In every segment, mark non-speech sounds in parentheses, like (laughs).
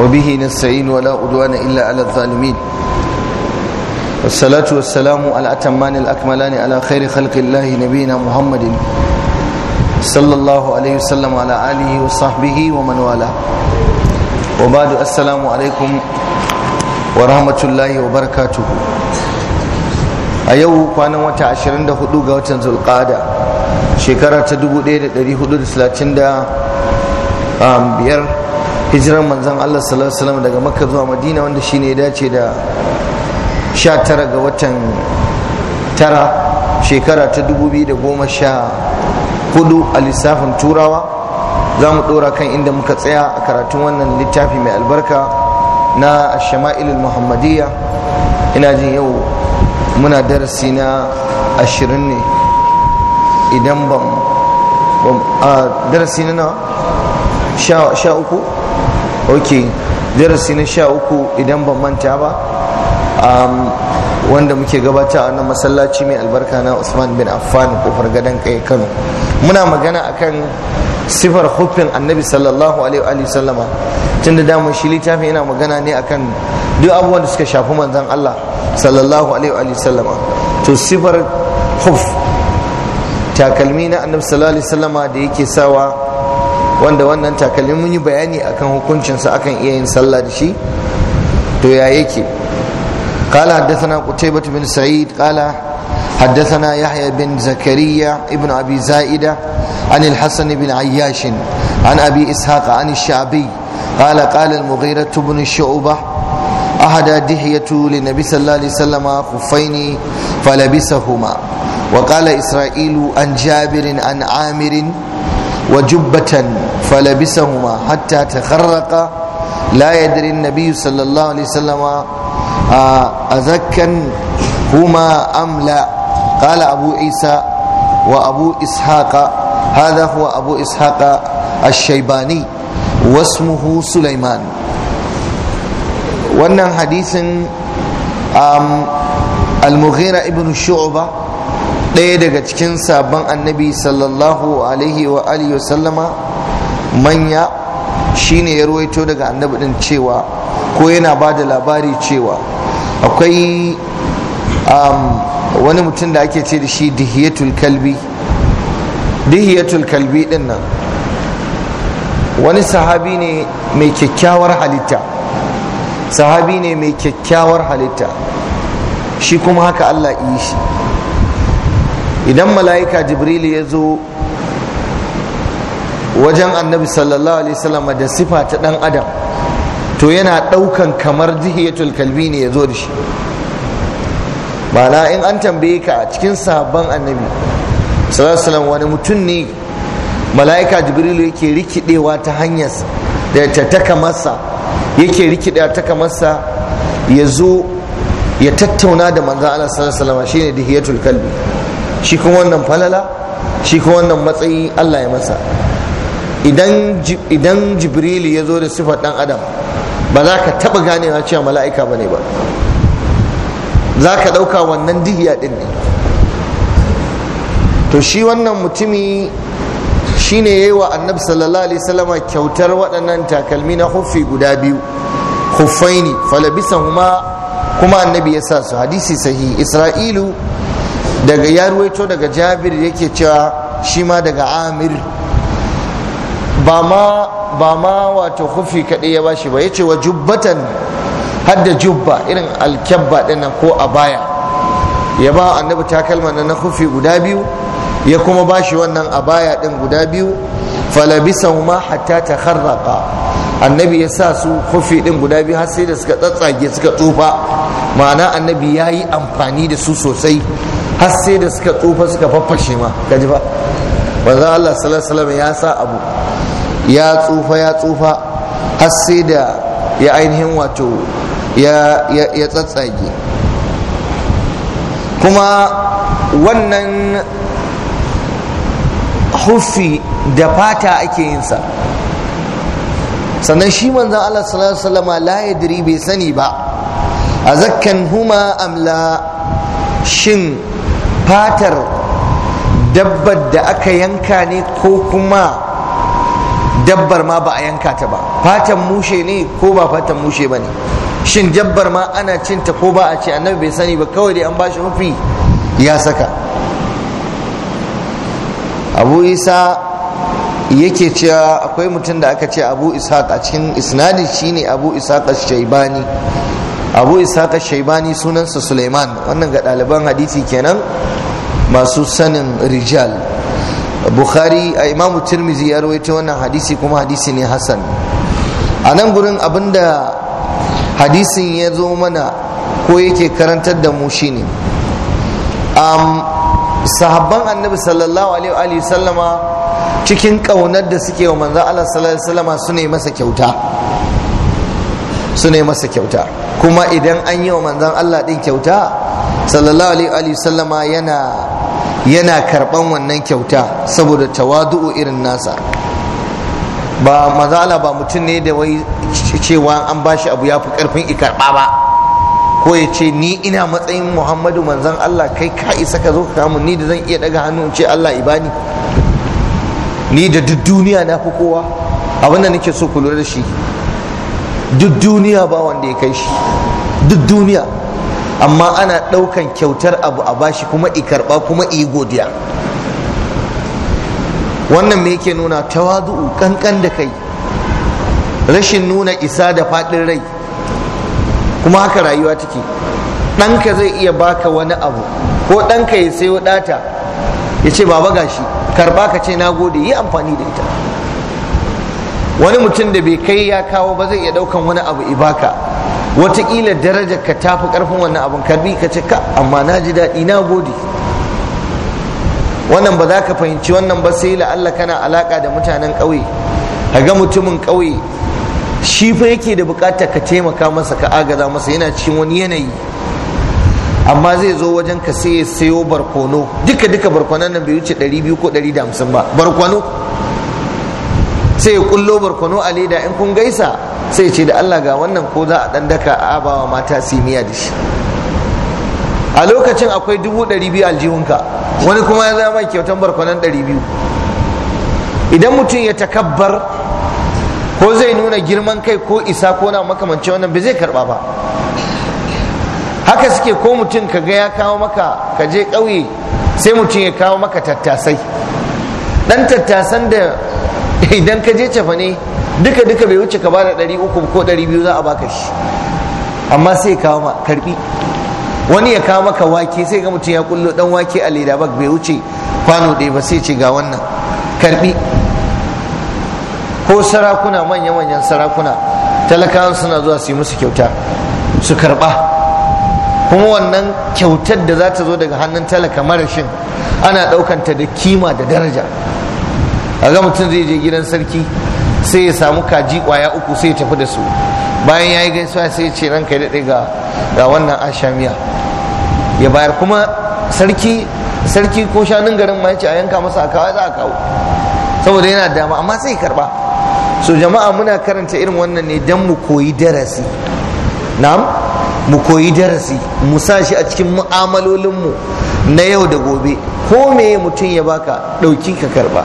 وبه نستعين ولا عدوان إلا على الظالمين والصلاة والسلام على أتمان الأكملان على خير خلق الله نبينا محمد صلى الله عليه وسلم على آله وصحبه ومن والاه وبعد السلام عليكم ورحمة الله وبركاته a yau kwanan wata 24 ga watan zulqada shekara ta 1435 hijirar manzan Allah sallallahu alaihi wasallam daga makka zuwa madina wanda shine ya dace da 19 ga watan tara shekara ta 2014 a lissafin turawa za mu dora kan inda muka tsaya a karatun wannan littafi mai albarka na shama'ilul muhammadiyya ina jin yau muna darasi na 20 ne idan ban darasi na sha uku ok darasi na sha uku idan ban manta ba wanda muke gabata a wannan masallaci mai albarka na usman bin affan kofar gadon kai kano muna magana akan sifar hufin annabi sallallahu alaihi wa sallama tun da damar shi littafin yana magana ne akan duk abubuwan da suka shafi manzan Allah sallallahu alaihi wa sallama to sifar huf takalmi na annabi sallallahu alaihi wa sallama da yake sawa wanda wannan takalmi mun yi bayani akan hukuncinsa akan iya yin sallah da shi to ya yake قال حدثنا قتيبة بن سعيد قال حدثنا يحيى بن زكريا ابن أبي زائدة عن الحسن بن عياش عن أبي إسحاق عن الشعبي قال قال المغيرة بن الشعبة أهدى دحية للنبي صلى الله عليه وسلم خفين فلبسهما وقال إسرائيل عن جابر عن عامر وجبة فلبسهما حتى تخرقا لا يدري النبي صلى الله عليه وسلم أذكا هما أم لا قال أبو عيسى وأبو إسحاق هذا هو أبو إسحاق الشيباني واسمه سليمان wannan hadisin al-mughira ibn shu'ba ɗaya daga cikin sabon annabi sallallahu alaihi wa alihi sallama manya shine ya ruwaito daga annabi ɗin cewa ko yana ba da labari cewa akwai um, wani mutum da ake ce da shi dihiyatul kalbi dihiyatul kalbi ɗin nan wani sahabi ne mai kyakkyawar halitta sahabi ne mai kyakkyawar halitta shi kuma haka Allah yi shi idan mala'ika jibril ya zo wajen annabi sallallahu alaihi wasallam da sifa ta dan adam to yana daukan kamar jihiyatul kalbi ne ya zo da shi ma'ana in an tambaye ka a cikin sabon annabi sallallahu alaihi wasallam wani mutum ne mala'ika jibril yake rikidewa ta hanyar da ta taka masa yake rikidewa taka masa ya zo ya tattauna da manzo Allah sallallahu alaihi wasallam shine dihiyatul kalbi shi kuma wannan falala shi kuma wannan matsayi Allah ya masa idan jibrilu ya zo da sifar dan adam ba za ka taba ganewa cewa mala'ika bane ba za ka ɗauka wannan dihiya ɗin ne to shi wannan mutumi shine yayi wa annabi sallallahu alaihi wasallama kyautar waɗannan takalmi na huffi guda biyu huffaini falabisahuma kuma annabi ya sa su hadisi sahi isra'ilu daga ya ruwaito daga jabir yake cewa shi ma daga amir ba ma wato kufi kaɗai ya bashi ba ya ce wa jubbatan hadda jubba irin alkyabba ɗin ko a baya ya ba annabi takalman na kufi guda biyu ya kuma bashi wannan a baya ɗin guda biyu falabisa ma hatta ta harraka annabi ya sa su kufi ɗin guda biyu har sai da suka tsatsage suka tsufa ma'ana annabi ya yi amfani da su sosai har sai da suka tsufa suka faffashe ma gaji ba manzo Allah sallallahu ya sa abu ya tsufa ya tsufa har sai da ya ainihin wato ya ya tsatsage kuma wannan hufi da fata ake yin sa sannan shi manzon Allah sallallahu alaihi wasallama la yadri bai sani ba azakkan huma amla shin fatar dabbar da aka yanka ne ko kuma dabbar ma ba a yanka ta ba fatan mushe ne ko ba fatan mushe ba ne shin dabbar ma ana cinta ko ba a ce annabi bai sani ba kawai dai an ba shi rufi ya saka abu isa yake cewa akwai mutum da aka ce abu Isa a cikin isnadi shine abu Isa shaibani abu isaka shaibani sunansa suleiman wannan ga ɗaliban hadisi kenan masu sanin rijal bukhari a imamu tirmizi ya rawaito wannan hadisi kuma hadisi ne hassan a nan gurin abinda hadisin ya zo mana ko yake karantar da mu shine um, sahabban annabi sallallahu alaihi sallama cikin ƙaunar da suke wa manzo Allah sallallahu alaihi sallama su ne masa kyauta kuma idan an yi wa Manzan Allah ɗin kyauta sallallahu alaihi sallama yana yana karban wannan kyauta saboda tawadu'u irin nasa ba mazala ba mutum ne da wai cewa an bashi abu ya fi karfin ikarba ba ko ya ce ni ina matsayin muhammadu Manzan Allah kai ka isa ka zo kamu ni da zan iya daga hannu ce Allah ibani ni da duk duniya na fi kowa abinda nake so ku lura da shi duk duniya ba wanda ya kai shi duk duniya amma ana ɗaukan kyautar abu a bashi kuma i karba kuma i godiya wannan me yake nuna tawadu'u kankan da kai rashin nuna isa da faɗin rai kuma haka rayuwa take ɗanka zai iya baka wani abu ko ɗanka ya sayo ɗata ya ce baba gashi karba ka ce na gode yi amfani da ita wani mutum da bai kai ya kawo ba zai iya daukan wani abu ibaka watakila darajar ka tafi karfin wannan abin karbi ka ce ka amma na ji daɗi na gode wannan ba za ka fahimci wannan ba sai la'alla kana alaka da mutanen ƙauye ga mutumin ƙauye shi fa yake da buƙata ka taimaka masa ka agaza masa yana cikin wani yanayi amma zai zo wajen ka sai sayo barkono duka duka barkonon nan bai wuce 200 ko 150 ba barkono sai ya kullo barkono a leda in kun gaisa sai ce da Allah ga wannan ko za a dan daka a abawa mata simiya da shi a lokacin akwai dubu ɗari biyu aljihunka wani kuma ya zama kyautan barkonan ɗari biyu idan mutum ya takabbar ko zai nuna girman kai ko isa ko na makamancin wannan ba zai karba ba haka suke ko mutum ka ga ya kawo maka ka je ƙauye sai mutum ya kawo maka tattasai dan tattasan da (laughs) idan ka je cafa ne duka duka bai wuce ka ba da ɗari uku ko ɗari biyu za a baka shi amma sai kawo ma karbi wani ya kawo maka wake sai ga mutum ya kullo dan wake a leda bak bai wuce kwano ɗaya ba sai ce ga wannan karbi ko sarakuna manya-manyan sarakuna talakawan suna zuwa su yi musu kyauta su karba kuma wannan kyautar da za ta zo daga hannun talaka marashin ana ɗaukanta da kima da daraja a ga mutum zai je gidan sarki sai ya samu kaji kwaya uku sai ya tafi da su bayan ya yi gaisuwa sai ya ce ranka ya daɗe ga wannan ashamiya ya bayar kuma sarki sarki ko shanun garin ma yace a yanka masa a kawo za a kawo saboda yana dama amma sai karba so jama'a muna karanta irin wannan ne dan mu koyi darasi na'am mu koyi darasi mu sa shi a cikin mu'amalolinmu na yau da gobe ko ya mutum ya baka ɗauki ka karba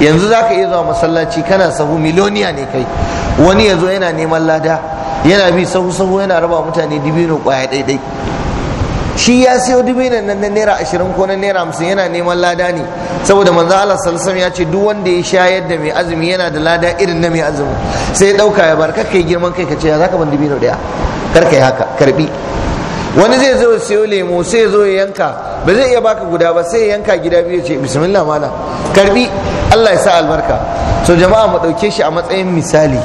yanzu za ka iya zuwa masallaci kana sahu miloniya ne kai wani ya zo yana neman lada yana bi sahu sahu yana raba mutane dibino kwaya ɗaiɗai shi ya siyo dubinan nan na naira ashirin ko na naira hamsin yana neman lada ne saboda manzo Allah sallallahu ya ce duk wanda ya shayar da mai azumi yana da lada irin na mai azumi sai ya dauka ya bar kakka yi girman kai ka ce ya zaka ban dubino daya kar ka yi haka karbi wani zai zo siyo lemo sai zo ya yanka ba zai iya baka guda ba sai ya yanka gida biyu ce bismillah mala karbi Allah ya sa albarka so jama'a mu dauke shi a matsayin misali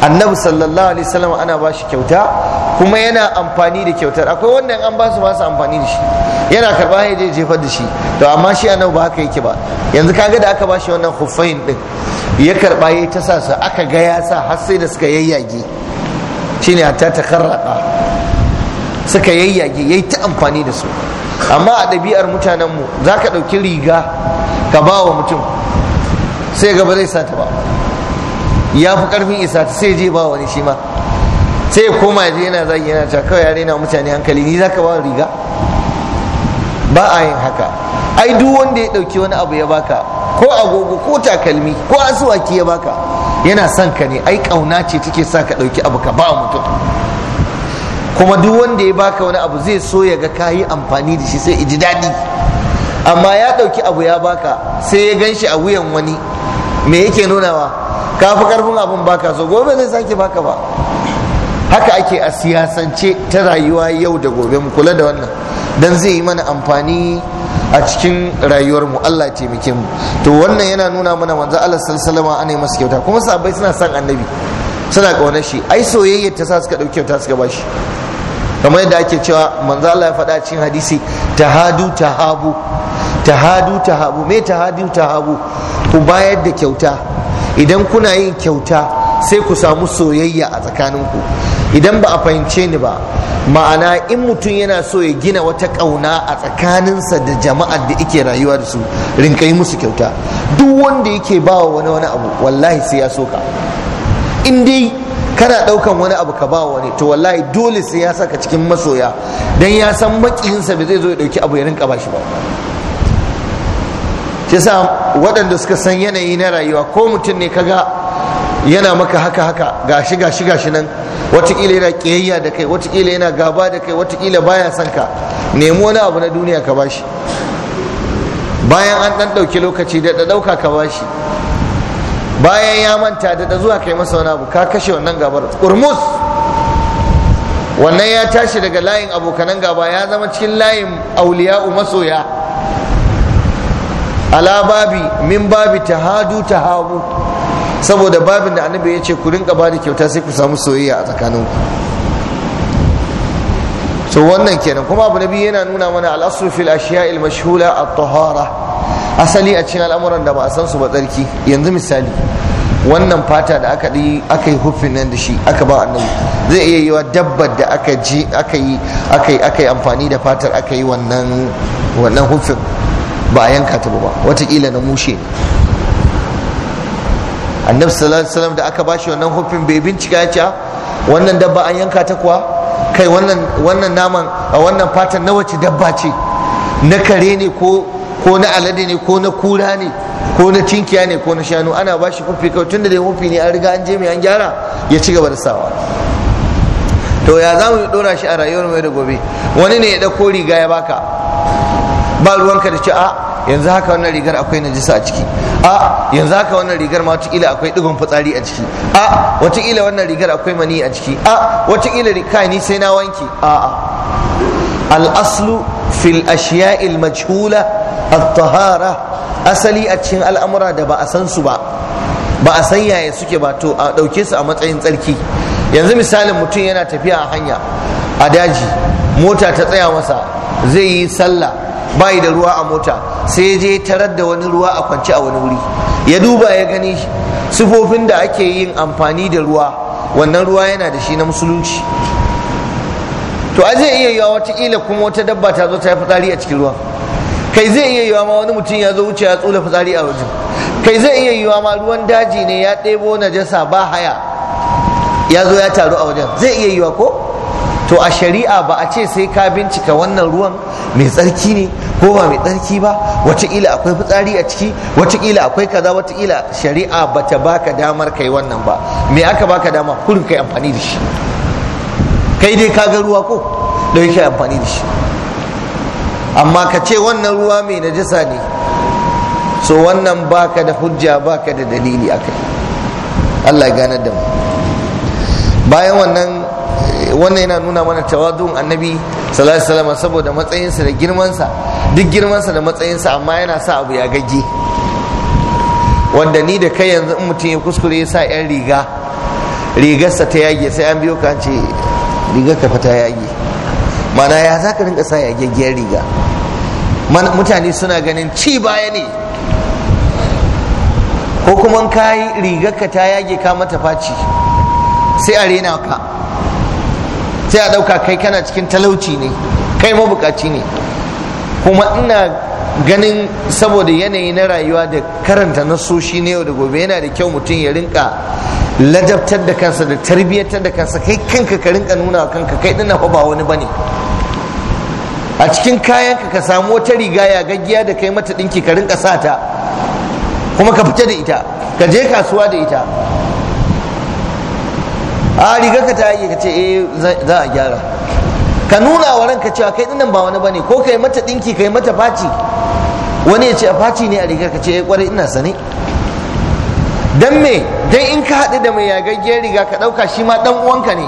annabi sallallahu alaihi wasallam ana ba shi kyauta kuma yana amfani da kyautar akwai wannan an ba su ba su amfani da shi yana karba ya je jefar da shi to amma shi nawa ba haka yake ba yanzu kaga da aka ba shi wannan huffain din ya karba ya ta sa su aka ga ya sa har sai da suka yayyage shine hatta ta karraka, suka yayyage yayi ta amfani da su amma a ɗabi'ar mutanen mu ka ɗauki riga ka ba wa mutum sai gaba zai sa ta ba ya fi ƙarfin isa sai je ba wani shi ma sai ya koma yana zagi yana ta kawai ya na mutane hankali ni zaka ba riga ba a yin haka ai duk wanda ya dauki wani abu ya baka ko agogo ko takalmi ko asuwaki ya baka yana son ka ne ai kauna ce take sa ka dauki abu ka ba mutum kuma duk wanda ya baka wani abu zai so ya ga kayi amfani da shi sai iji daɗi amma ya ɗauki abu ya baka sai ya ganshi a wuyan wani me yake nunawa ka fi karfin abin baka so gobe zai sake baka ba haka ake a siyasance ta rayuwa yau da gobe mu kula da wannan dan zai yi mana amfani a cikin rayuwar mu Allah ya taimake mu to wannan yana nuna mana manzo Allah sallallahu alaihi masa kyauta kuma sahabbai suna son annabi suna kaunar shi ai soyayya ta sa suka ɗauki kyauta suka bashi kamar yadda ake cewa manzo Allah ya faɗa cikin hadisi tahadu tahabu tahadu tahabu me tahadu tahabu ku bayar da kyauta idan kuna yin kyauta sai ku samu soyayya a tsakaninku idan ba a fahimce ni ba ma'ana in mutum yana so ya gina wata ƙauna a tsakaninsa da jama'ar da ike rayuwa da su rinka yi musu kyauta duk wanda yake ba wa wani wani abu wallahi sai ya soka in dai kana ɗaukan wani abu ka ba wani to wallahi dole sai ya saka cikin masoya dan ya san makiyinsa bai zai zo ya ɗauki abu ya rinka ba shi ba shi waɗanda suka san yanayi na rayuwa ko mutum ne kaga yana maka haka haka gashi gashi gashi nan watakila yana kiyayya da kai watakila yana gaba da kai watakila baya son ka nemi wani abu na duniya ka bashi bayan an dan ɗauki lokaci da da dauka ka bashi bayan ya manta da da zuwa kai masa wani abu ka kashe wannan gabar kurmus wannan ya tashi daga layin abokanan gaba ya zama cikin layin auliya'u masoya ala babi min babi tahadu tahabu saboda babin da annabi ya ce ku rinka ba da kyauta sai ku samu soyayya a tsakaninku to wannan kenan kuma abu nabi yana nuna mana al'asu fil ashiya il mashhula at-tahara asali a cikin al'amuran da ba a san su ba tsarki yanzu misali wannan fata da aka yi aka yi hufin nan da shi aka ba annabi zai iya yiwa dabbar da aka ji aka yi aka yi aka yi amfani da fatar aka yi wannan wannan hufin ba a yanka ta ba watakila na mushe ne annabi sallallahu alaihi wasallam da aka bashi wannan hufin bai bincika ya ce ah, wannan dabba an yanka ta kuwa kai wannan wannan naman a wannan fatan na wace dabba ce na kare ne ko ko na alade ne ko na kura ne ko na tinkiya ne ko na shanu ana bashi hufi kawai tunda dai hufi ne an riga an je mai an gyara ya ci gaba da sawa to ya za mu dora shi a rayuwar mai da gobe wani ne ya dauko riga ya baka ba ruwanka da ci a ah, yanzu haka wannan rigar akwai najisa a ciki a yanzu haka wannan rigar ma wataƙila akwai ɗigon fitsari a ciki a wataƙila wannan rigar akwai mani a ciki a wataƙila kai ni sai na wanke a a al'aslu fil ashiya'il majhula at-tahara asali a cikin al'amura da ba a san su ba ba a san yaya suke ba to a ɗauke su a matsayin tsarki yanzu misalin mutum yana tafiya a hanya a daji mota ta tsaya masa zai yi sallah bai da ruwa a mota sai ya je tarar da wani ruwa a kwance a wani wuri ya duba ya gani sifofin da ake yin amfani da ruwa wannan ruwa yana da shi na musulunci to a zai iya yawa watakila kuma wata dabba ta zo ta yi fitsari a cikin ruwa kai zai iya yiwa ma wani mutum ya zo wuce ya tsula fitsari a wajen kai zai iya yiwa ma ruwan daji ne ya ɗebo najasa ba haya ya zo ya taru a wajen zai iya yiwa ko to a shari'a ba a ce sai ka bincika wannan ruwan mai tsarki ne ko ba mai tsarki ba wataƙila akwai fitsari a ciki wataƙila akwai kaza wataƙila shari'a ba ta baka damar kai wannan ba me aka baka dama kurin kai amfani da shi kai dai ka ga ruwa ko da yake amfani da shi amma ka ce wannan ruwa mai najasa ne so wannan baka da hujja baka da dalili akai Allah ya ganar da mu bayan wannan wannan yana nuna mana tawadun annabi sallallahu alaihi wasallam saboda matsayinsa da girmansa duk girmansa da matsayinsa amma yana sa abu ya gagge wanda ni da kai yanzu in mutum ya kuskure ya sa yan riga rigarsa ta yage sai an biyo ka ce rigar ka ta yage mana ya za ka rinka sa yageggiyar riga mutane suna ganin ci baya ne ko kuma kayi rigar ka ta yage ka mata faci sai a rena ka sai a ɗauka kai kana cikin talauci ne kai mabukaci ne kuma ina ganin saboda yanayi na rayuwa da karanta na nasoshi na yau da gobe yana da kyau mutum ya rinka lajabtar da kansa da tarbiyyantar da kansa kai kanka ka rinka nuna kanka kai dina fa ba wani bane a cikin kayanka ka samu wata riga ya gaggiya da kai mata dinki ka rinka sata kuma ka fita da ita ka je kasuwa da ita a rigar ka ta yi ka ce eh za a gyara ka nuna wa ranka cewa kai dinnan ba wani bane ko kai mata dinki kai mata faci wani ya ce a faci ne a rigar ka ce eh kwarai ina sane dan me dan in ka haɗu da mai yagaggen riga ka ɗauka shi ma ɗan uwanka ne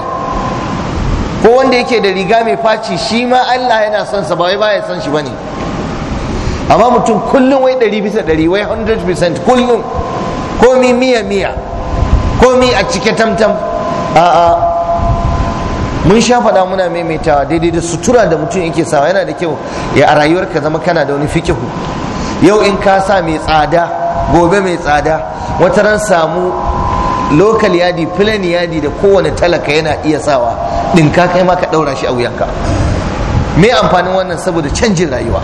ko wanda yake da riga mai faci shi ma Allah yana son sa ba wai baya son shi bane amma mutum kullum wai ɗari bisa ɗari wai 100% kullum komi miya miya komi a cike tamtam a'a mun sha faɗa muna maimaitawa daidai da sutura da mutum yake sawa yana da kyau ya a rayuwar ka zama kana da wani fikihu yau in ka sa mai tsada gobe mai tsada wata ran samu lokal yadi filani yadi da kowane talaka yana iya sawa ka kai ma ka ɗaura shi a wuyanka me amfanin wannan saboda canjin rayuwa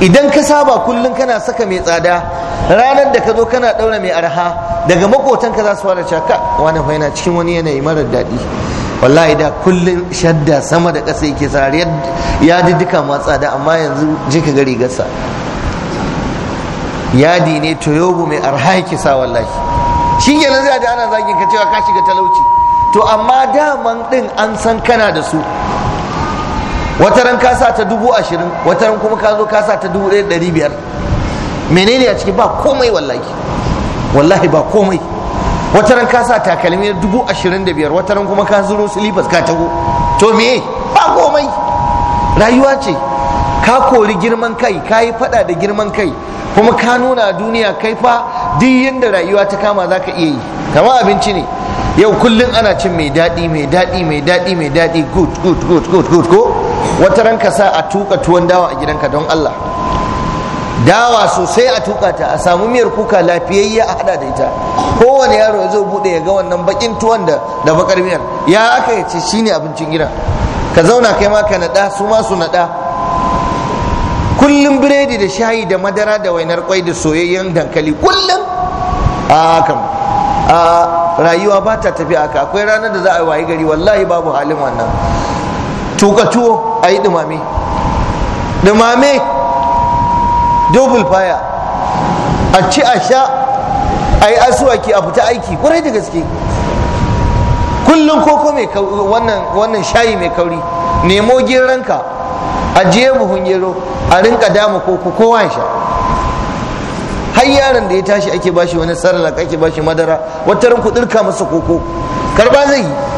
idan ka saba kullum kana saka mai tsada ranar da ka zo kana ɗaura mai arha daga makotanka za su fara caka wani fa cikin wani yanayi marar daɗi wallahi da kullum shadda sama da ƙasa yake sa ya ji duka ma tsada amma yanzu ji ka gari gasa yadi ne toyobu mai arha yake sa wallahi shi kenan zai ana zagin ka cewa ka shiga talauci to amma daman din an san kana da su wata ran ka sa ta dubu ashirin wata ran kuma ka zo ka sa ta dubu ɗaya ɗari biyar menene a cikin ba komai wallahi wallahi ba komai wata ran ka sa takalmi dubu ashirin da biyar wata ran kuma ka zuro silifas ka tago to me ba komai rayuwa ce ka kori girman kai ka yi fada da girman kai kuma ka nuna duniya kai fa duk yadda rayuwa ta kama za ka iya yi kama abinci ne yau kullum ana cin mai daɗi mai daɗi mai daɗi mai daɗi good good good good good ko wata ka sa a tuka tuwon dawa a gidanka don allah dawa sosai a tuka ta a samu miyar kuka lafiyayya a hada da ita kowane yaro ya zo bude ya ga wannan bakin tuwon da da bakar miyar ya aka ya ce shine abincin gida ka zauna kai ma ka nada su ma su nada kullum biredi da shayi da madara da wainar kwai da soyayyen dankali kullum a kam a rayuwa ba ta tafi aka akwai ranar da za a wayi gari wallahi babu halin wannan tuka tuwo a yi dumame dumame double fire a ci a sha a yi asuwaki a fita aiki kwarai da gaske kullum koko mai wannan shayi mai kauri nemo geranka ajiye buhun gero a rinka dama koko kowa sha har yaron da ya tashi ake bashi wani sarlak ake bashi madara wata rinku kudirka masa koko karba zai yi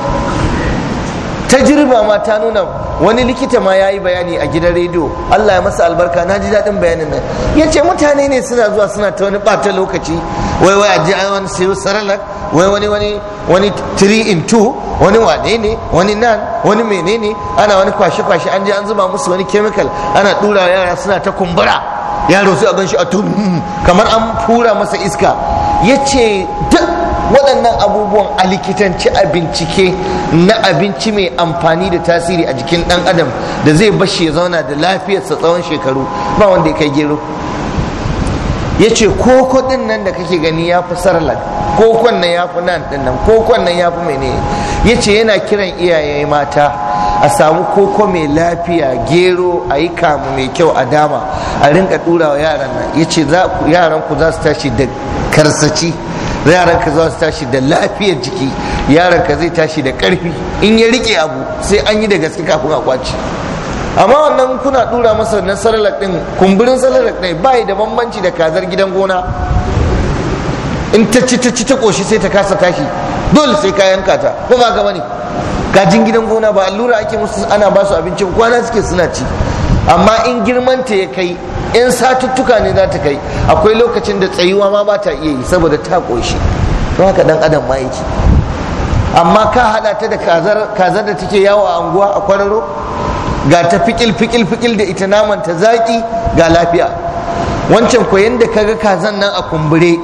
jirba ma ta nuna wani likita ma ya yi bayani a gidan rediyo Allah ya masa albarka na ji daɗin bayanin nan ya ce mutane ne suna zuwa suna ta wani ɓata lokaci wai wai a ji wani sayo saralak wai wani wani wani 3 in 2 wani wane ne wani nan wani menene ana wani kwashe kwashe an ji an zuba musu wani chemical ana ɗura yara suna ta kumbura yaro su a ganshi a tun hmm, hmm, kamar an fura masa iska ya ce duk waɗannan abubuwan a likitanci a bincike na abinci mai amfani da tasiri a jikin ɗan adam da zai bashi ya zauna da lafiyarsa tsawon shekaru ba wanda ya kai gero ya ce koko ɗin nan da kake gani ya fi sarlak kokon nan ya fi nan ɗin nan kokon nan ya fi mene ya ce yana kiran iyaye mata a samu koko mai lafiya gero a yi kamu mai kyau a dama a rinka ɗura wa yaran nan ya ce yaran ku za su tashi da karsaci yaranka za su tashi da lafiyar jiki yaran ka zai tashi da karfi in ya rike abu sai an yi da gaske kafin a kwaci amma wannan kuna dura masa na saralak din kumburin saralak din bai da bambanci da kazar gidan gona in ta ci ta ci ta koshi sai ta kasa tashi dole sai ka yanka ta ko ba gaba ne kajin gidan gona ba allura ake musu ana ba su abinci kwana suke suna ci amma in girmanta ya kai in satuttuka ne za ta kai akwai lokacin da tsayuwa ma ba ta iya yi saboda ta ƙoshi ba haka dan adam ma yake amma ka hada ta da kazar da take yawo a anguwa a kwararo ga ta fikil fikil fikil da ita naman ta zaƙi ga lafiya wancan ko yanda kaga kazan nan a kumbure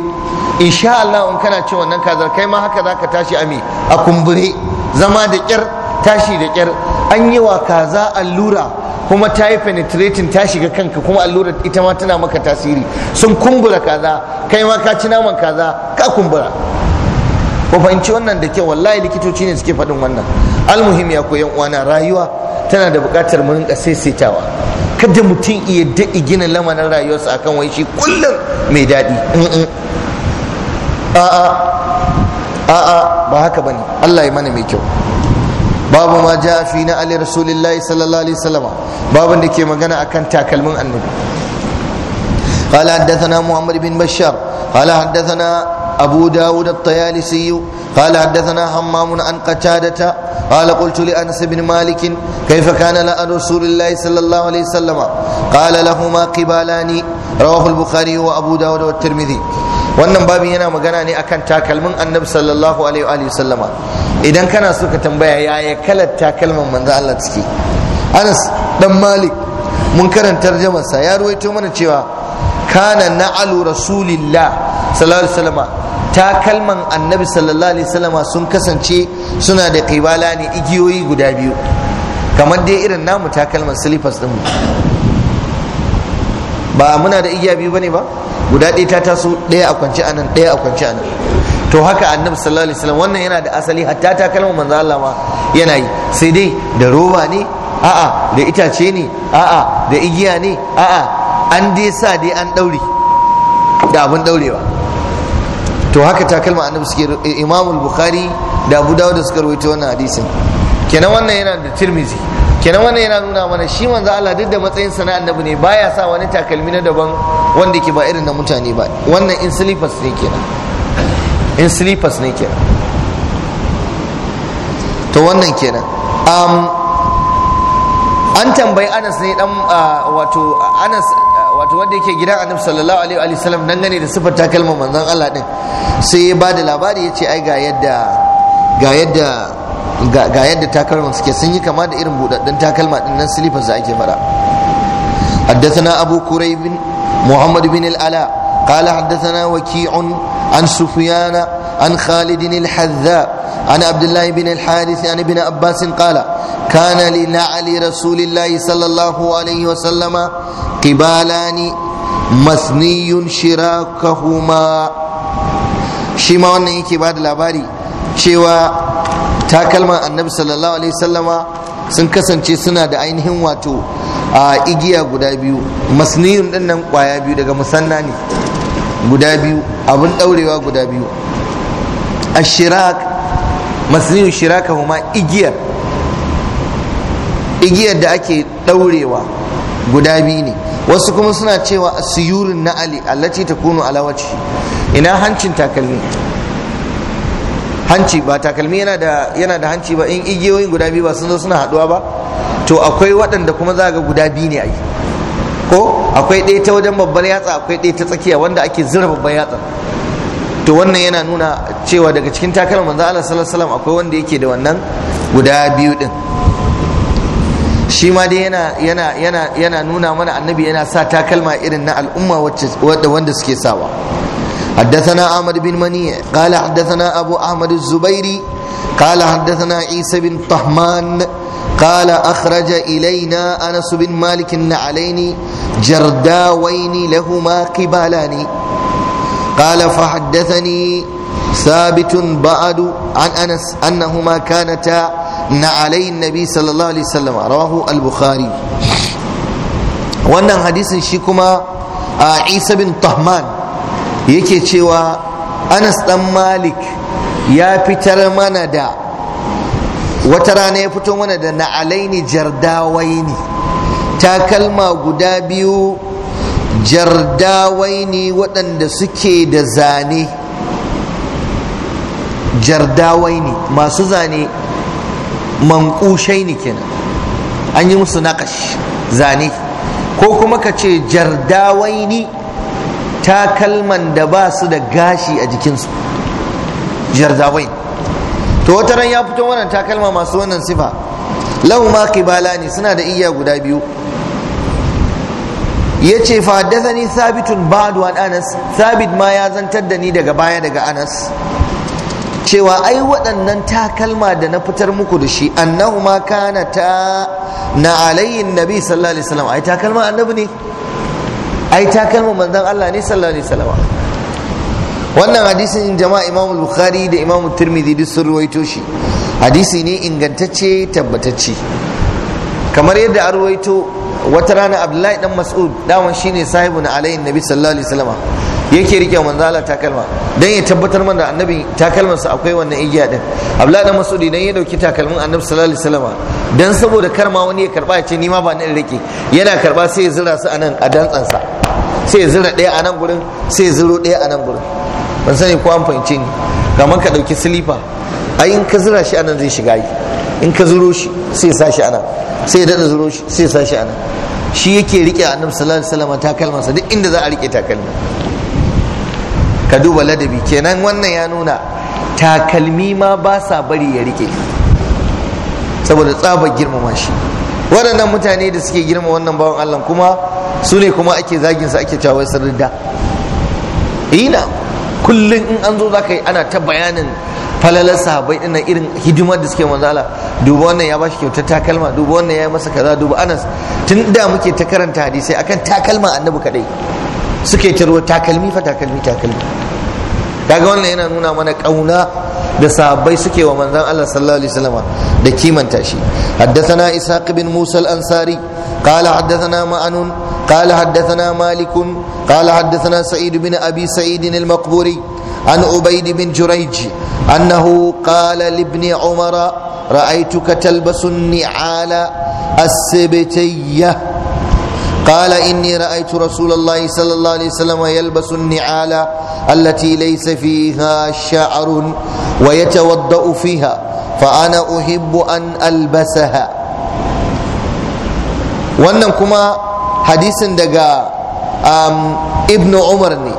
insha Allah in kana ci wannan kazar kai ma haka zaka tashi a a kumbure zama da kyar tashi da kyar an yi wa kaza allura kuma ta yi penetrating ta shiga kanka kuma allurar ita ma tana maka tasiri sun kumbura kaza kai ma ka ci naman kaza ka kumbura ko fahimci wannan da kyau wallahi likitoci ne suke faɗin wannan almuhim ya koyan uwana rayuwa tana da buƙatar mu rinka saisaitawa kada mutum iya daɗi gina lamarin rayuwarsa akan wai shi kullum mai daɗi a'a a'a ba haka bane Allah ya mana mai kyau babu ma ja fi na ali rasulillahi sallallahu alaihi wasallam babun da ke magana akan takalmin annabi قال حدثنا محمد بن بشار قال حدثنا أبو داود الطيالسي قال حدثنا حمام عن قتادة قال قلت لأنس بن مالك كيف كان لأن رسول الله صلى الله عليه وسلم قال لهما قبالان رواه البخاري وأبو داود والترمذي wannan babin yana magana ne akan takalmin annabi sallallahu alaihi wa sallama idan kana so ka tambaya yaya kalar takalmin manzo Allah ciki Anas dan Malik mun karanta sa ya ruwaito mana cewa kana na'alu rasulillah sallallahu alaihi wasallama takalman annabi sallallahu alaihi wasallama sun kasance suna da kibala ne igiyoyi guda biyu kamar dai irin namu takalman slippers din ba muna da igiya biyu bane ba guda ɗaya ta taso ɗaya a kwanci anan ɗaya a kwanci anan to haka annabi sallallahu alaihi wasallam wannan yana da asali hatta ta kalmar manzo Allah ma yana yi sai dai da roba ne a'a da itace ne a'a da igiya ne a'a an dai sa dai an daure da abun daurewa to haka ta kalmar annabi suke Imam Bukhari da Abu Dawud suka rawaito wannan hadisin kenan wannan yana da Tirmidhi kenan wannan yana nuna mana shi manzo Allah duk da matsayin sana'a na annabi ne baya sa wani takalmi na daban wanda ke ba irin na mutane ba wannan in slippers ne kenan in slippers ne kenan to wannan kenan um, an tambayi Anas ne dan wato Anas wato wanda yake gidan annabi sallallahu alaihi wa sallam dangane da sifar takalman manzon Allah din sai ya bada labari yace ai ga yadda ga yadda ga yadda takalman suke sun yi kama da irin budaddun takalma din nan slippers da ake fara حدثنا أبو كريب محمد بن الألاء قال حدثنا وكيع عن سفيان عن خالد الحذاء عن عبد الله بن الحارث عن ابن عباس قال كان لنعل رسول الله صلى الله عليه وسلم قبالان مثني شراكهما shi ma wannan yake ba da labari cewa takalman annabi sallallahu alaihi sallama sun kasance suna da ainihin wato a igiya guda biyu masniyun din nan kwaya biyu daga musanna ne guda biyu abin daurewa guda biyu ashirak masniyun shiraka huma igiyar igiyar da ake daurewa guda biyu ne wasu kuma suna cewa asiyurin na ali allati takunu ala wajhi ina hancin takalmi hanci ba takalmi yana da yana da hanci ba in igiyoyin guda biyu ba sun zo suna haduwa ba to akwai waɗanda kuma za ga guda biyu ne ai ko akwai ɗaya ta wajen babbar yatsa akwai ɗaya ta tsakiya wanda ake zira babbar yatsa to wannan yana nuna cewa daga cikin takalman manzo Allah sallallahu alaihi wasallam akwai wanda yake da wannan guda biyu din shi ma dai yana yana yana yana nuna mana annabi yana sa takalma irin na al'umma wacce wanda suke sawa حدثنا عمرو بن منيع قال حدثنا أبو أحمد الزبيري قال حدثنا عيسى بن طهمان قال أخرج إلينا أنس بن مالك النعلين جرداوين لهما قبالان قال فحدثني ثابت بعد عن أنس أنهما كانتا نعلي النبي صلى الله عليه وسلم رواه البخاري wannan hadisin shi kuma a isa bin tahman yake cewa anas dan malik ya fitar mana da wata rana ya fito mana da na'alaini jardawaini takalma guda biyu jardawaini waɗanda suke da zane jardawaini masu zane mankushai ne kenan an yi musu naƙashi zane ko kuma ka ce jardawaini takalman da ba su da gashi a jikinsu jarzawai to wata ran ya fito wannan takalma masu wannan sifa lahu ma qibala ne suna da iya guda biyu yace fa hadathani sabitun ba'du an anas thabit ma ya zantar da ni daga baya daga anas cewa ai waɗannan takalma da na fitar muku da shi annahuma kana ta na alayyin nabi sallallahu alaihi wasallam ai takalma annabi ne ai kalmar manzon Allah ne sallallahu alaihi wasallam wannan hadisin jama'a Imam Bukhari da Imam Tirmidhi duk sun ruwaito shi hadisi ne ingantacce tabbatacce kamar yadda a ruwaito wata rana Abdullahi dan Mas'ud daman shine sahibun alayhi nabi sallallahu alaihi wasallam yake rike manzon Allah takalma dan ya tabbatar mana annabi takalman sa akwai wannan igiya din Abdullahi dan Mas'udi dan ya dauki takalmin annabi sallallahu alaihi wasallam dan saboda karma wani ya karba ya ce ni ma ba ni rike yana karba sai ya zura su anan a dantsan sa sai zira ɗaya a nan gurin sai zuro ɗaya a nan gurin ban sani ko an fahimci ni kamar ka ɗauki silifa a in ka zira shi anan zai shiga yi in ka zuro shi sai sa shi anan sai daɗa zuro shi sai sa shi nan shi yake rike annabi sallallahu alaihi wasallam takalmansa duk inda za a rike takalmi ka duba ladabi kenan wannan ya nuna takalmi ma ba sa bari ya rike saboda tsabar girmama shi waɗannan mutane da suke girma wannan bawan Allah kuma su ne kuma ake zagin su ake cewa sun ridda ina eh kullum in an zo zaka yi ana ta bayanin falalar sahabbai din irin hidimar da suke manzala duba wannan ya bashi kyautar takalma duba wannan ya yi masa kaza duba anas tun da muke ta karanta hadisai akan takalma annabi kadai suke tarwa takalmi fa takalmi takalmi kaga wannan yana nuna mana kauna da sahabbai suke wa manzon Allah sallallahu alaihi wasallam da kimanta shi haddathana ishaq bin musa al-ansari qala haddathana ma'anun قال حدثنا مالك قال حدثنا سعيد بن أبي سعيد المقبوري عن عبيد بن جريج أنه قال لابن عمر رأيتك تلبس النعال السبتية قال إني رأيت رسول الله صلى الله عليه وسلم يلبس النعال التي ليس فيها شعر ويتوضأ فيها فأنا أحب أن ألبسها وأنكما hadisin daga um, ibnu umar ne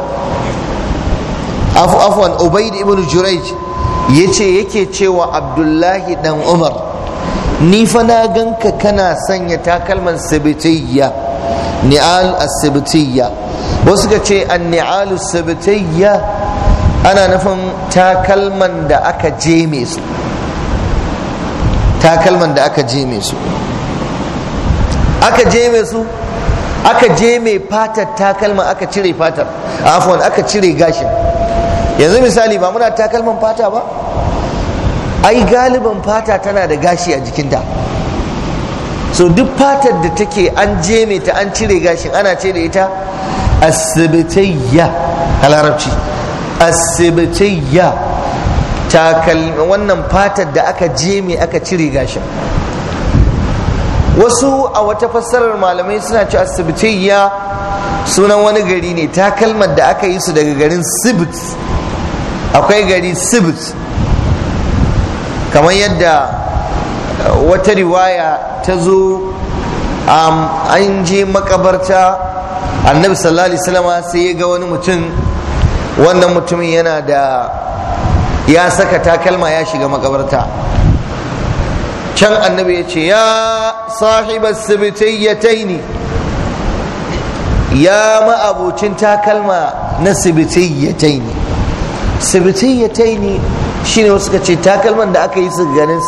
afwan ubaid ibn juraij yace yake cewa abdullahi dan umar ni fa na ganka kana sanya takalman sibitiyya ni'al as wasu ka ce an-ni'al as ana nufin takalman da aka je me su takalman da aka je jeme su aka je jeme su aka je mai fatar takalma aka cire fatar afwan aka cire gashin yanzu misali ba muna takalman fata ba ai galibin fata tana da gashi a jikinta so duk fatar da take an je mai ta an cire gashin ana ce da ita asibitayya a asibitayya takalma wannan fatar da aka je mai aka cire gashin wasu a wata fassarar malamai suna ci asibitiyya sunan wani gari ne takalmar da aka yi su daga garin sibit akwai gari sibit kamar yadda uh, wata riwaya ta zo um, an je makabarta annabi sallallahu alaihi sai ya ga wani mutum wannan mutumin yana da ya saka takalma ya shiga makabarta can annabi ya ce ya sahibar sibitai ya ya ma'abocin takalma na ya ya taini shi ne wasu ka ce takalman da aka yi su ganin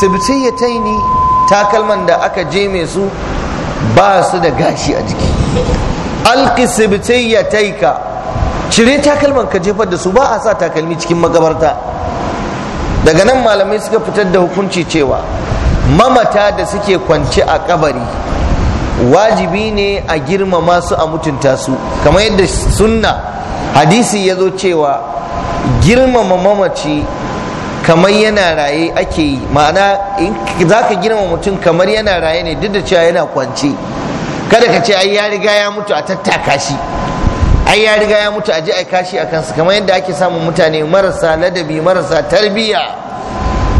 sibit taini takalman da aka je mai su ba su da gashi a jiki alki taika cire takalman ka jefar da su ba a sa takalmi cikin magabarta daga nan malamai suka fitar da hukunci cewa mamata da suke kwance a kabari wajibi ne a girmama su a mutunta su kamar yadda sunna hadisi ya zo cewa girmama mamaci kamar yana raye ake yi ma'ana za ka girmama mutum kamar yana raye ne duk da cewa yana kwance kada ka ce ai ya riga ya mutu a tattaka shi ai ya riga ya mutu a ji a kashi a kansa kamar yadda ake samun mutane marasa ladabi marasa tarbiyya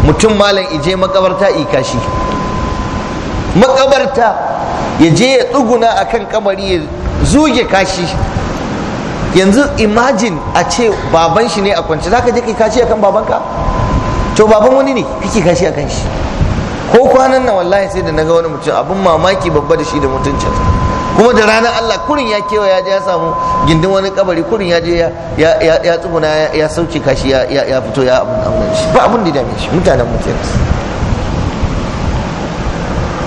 mutum malam ije makabarta i kashi makabarta ya je ya tsuguna a kan kamari ya zuge kashi yanzu imagine a ce baban shi ne a kwance za ka je kai kashi akan babanka to baban wani ne kake kashi akan shi ko kwanan nan wallahi sai da na ga wani mutum abin mamaki babba da shi da mutuncin kuma da ranar Allah kurin ya kewa ya je ya samu gindin wani kabari kurin ya je ya tsuguna ya sauke kashi ya fito ya abun abun shi ba abun da dame shi mutanen mutane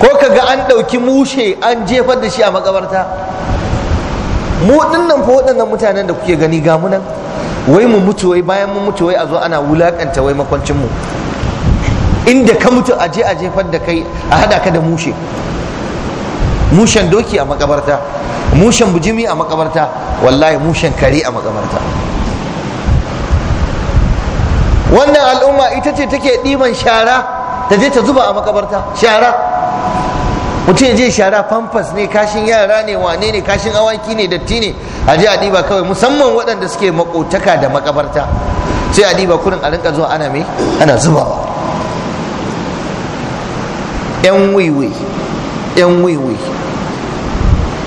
ko kaga an ɗauki mushe an jefar da shi a makabarta mu dinnan fa waɗannan mutanen da kuke gani ga munan wai mu mutu wai bayan mu mutu wai a zo ana wulakanta wai makwancin mu inda ka mutu aje a jefar da kai a hada ka da mushe mushen doki a makabarta mushen bujimi a makabarta wallahi mushen kare a makabarta wannan al'umma ita ce take ɗiban shara ta je ta zuba a makabarta shara mutum ya je shara famfas ne kashin yara ne wane ne kashin awaki ne datti ne a je a ɗiba kawai musamman waɗanda suke makotaka da makabarta sai a ɗiba kurin a rinka zuwa ana me ana zubawa yan wiwi yan wiwi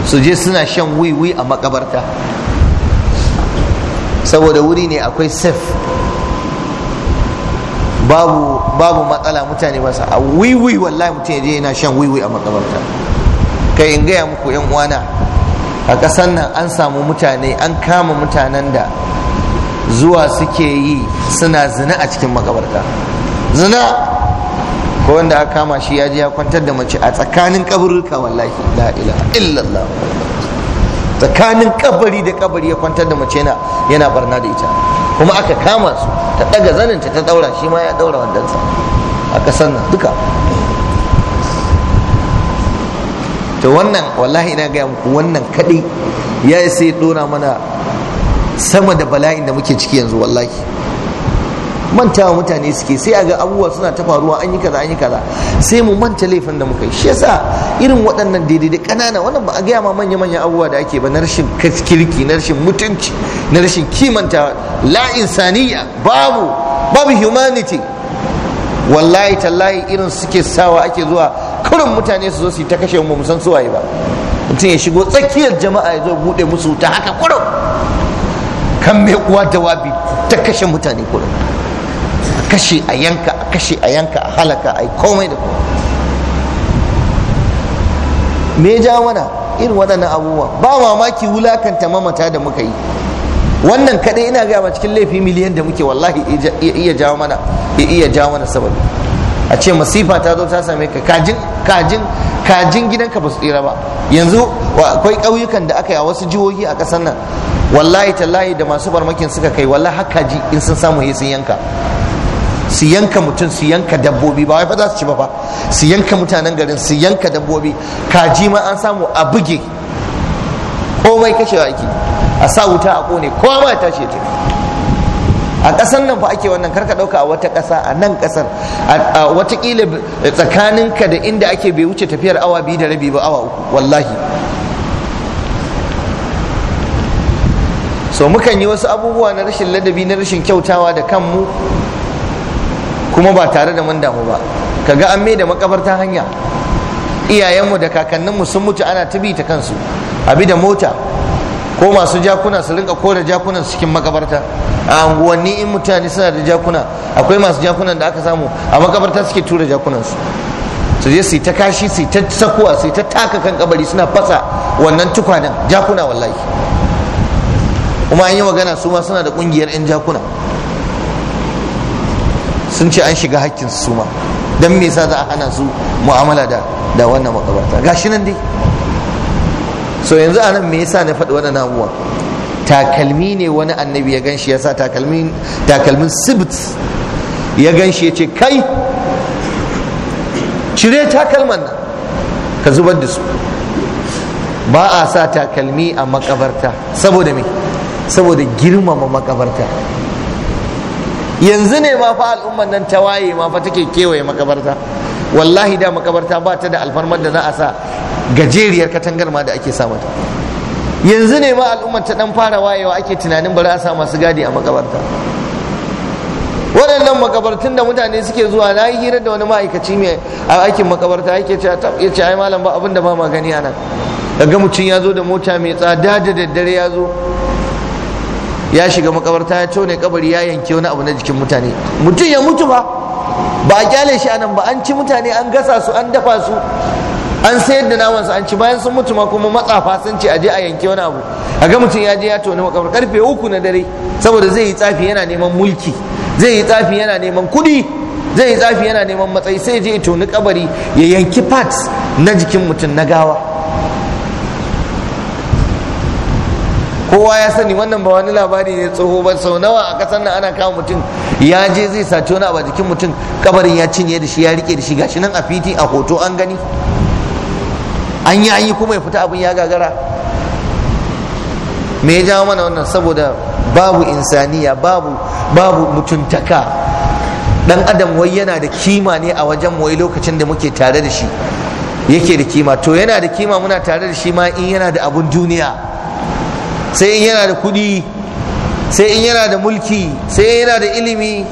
su je suna shan wiwi a makabarta saboda wuri ne akwai sef babu matsala mutane masa a wiwi wallahi mutum je yana shan wiwi a makabarta kai in gaya muku yan uwana a ƙasar nan an samu mutane an kama mutanen da zuwa suke yi suna zina a cikin makabarta zina ko wanda aka kama shi ya je ya kwantar da mace a tsakanin kaburuka wallahi la ilaha illallah tsakanin kabari da kabari ya kwantar da mace yana barna da ita kuma aka kama su ta daga zaninta ta daura shi ma ya daura wandansa a kasan nan duka to wannan wallahi ina gaya muku wannan kadai ya isa ya dora mana sama da bala'in da muke ciki yanzu wallahi mantawa mutane suke sai a ga abubuwa suna ta faruwa an yi kaza an yi kaza sai mu manta laifin da muka yi shi yasa irin waɗannan daidai ƙanana wannan ba a gaya ma manya manya abubuwa da ake ba na rashin kirki na rashin mutunci na rashin kimanta la insaniya babu babu humanity wallahi tallahi irin suke sawa ake zuwa karin mutane su zo su yi ta kashe mu san suwaye ba mutum ya shigo tsakiyar jama'a ya zo bude musu ta haka kurum kan mai uwa dawabi ta kashe mutane kurum kashe a yanka a kashe a yanka a halaka a komai da me ja mana irin waɗannan abubuwa ba mamaki wulakanta mamata da muka yi wannan kaɗai ina gaya ba cikin laifi miliyan da muke wallahi iya jawo mana iya ja mana sababi a ce masifa ta zo ta same ka kajin kajin kajin gidanka ba su tsira ba yanzu akwai ƙauyukan da aka yi a wasu jihohi a ƙasar nan wallahi tallahi da masu barmakin suka kai wallahi har kaji in sun samu sun yanka su yanka mutum su yanka dabbobi ba wai fa za su ci ba fa su yanka mutanen garin su yanka dabbobi kaji ma an samu a buge komai kashe ake a sa wuta a kone kowa ta tashi ta a ƙasar nan fa ake wannan karka ɗauka a wata ƙasa a nan ƙasar watakila ka da inda ake bai wuce tafiyar awa biyu da rabi ba awa uku wallahi so mukan yi wasu abubuwa na rashin ladabi na rashin kyautawa da kanmu kuma ba tare da mun damu ba kaga an maida da makabarta hanya iyayenmu da kakanninmu sun mutu ana tabi ta kansu abi da mota ko masu jakuna su rinka kore jakunan cikin makabarta a unguwanni in mutane suna da jakuna akwai masu jakunan da aka samu a makabarta suke tura jakunansu su je su ta kashi su ta sakuwa su ta taka kan kabari suna fasa wannan tukwanen jakuna wallahi kuma an yi magana su ma suna da kungiyar 'yan jakuna sun ce an shiga hakkin su ma don me yasa za a hana su mu'amala da da wannan makabarta gashi nan dai so yanzu a nan me yasa na faɗi wannan abuwa takalmi ne wani annabi ya ganshi ya sa takalmin takalmin sibt ya ganshi ya ce kai cire takalman nan ka zubar da su ba a sa takalmi a makabarta saboda me saboda girmama makabarta yanzu ne ma fa al'umman nan ta waye ma fa take kewaye makabarta wallahi da makabarta ba ta da alfarmar da za a sa gajeriyar katangar ma da ake sa mata yanzu ne ma al'ummar ta dan fara wayewa ake tunanin bari a sa masu gadi a makabarta waɗannan makabartun da mutane suke zuwa na yi hirar da wani ma'aikaci mai a aikin makabarta yake ce ya ce ai malam ba abin da ba ma gani a nan daga mutum ya zo da mota mai tsada da daddare ya zo ya shiga makabarta ya tone kabari ya yanke wani abu na jikin mutane mutum ya mutu ba ba a kyale shi anan ba an ci mutane an gasa su an dafa su an sayar da namansu an ci bayan sun mutu ma kuma matsafa sun ce aje a yanke wani abu a ga mutum ya je ya tone makabar karfe uku na dare saboda zai yi tsafi yana neman mulki zai yi tsafi yana neman kuɗi zai yi tsafi yana neman matsayi sai je ya tone kabari ya yanki parts na jikin mutum na gawa kowa ya sani wannan ba wani labari ne tsoho ba sau nawa a kasar nan ana kama mutum ya je zai saci wani abu a jikin mutum kabarin ya cinye da shi ya rike da shi gashi nan a fiti a hoto an gani an yi an yi kuma ya fita abin ya gagara me ya jawo mana wannan saboda babu insaniya babu babu mutuntaka dan adam wai yana da kima ne a wajen wai lokacin da muke tare da shi yake da kima to yana da kima muna tare da shi ma in yana da abun duniya sai in yana da kuɗi sai in yana da mulki sai in yana da ilimi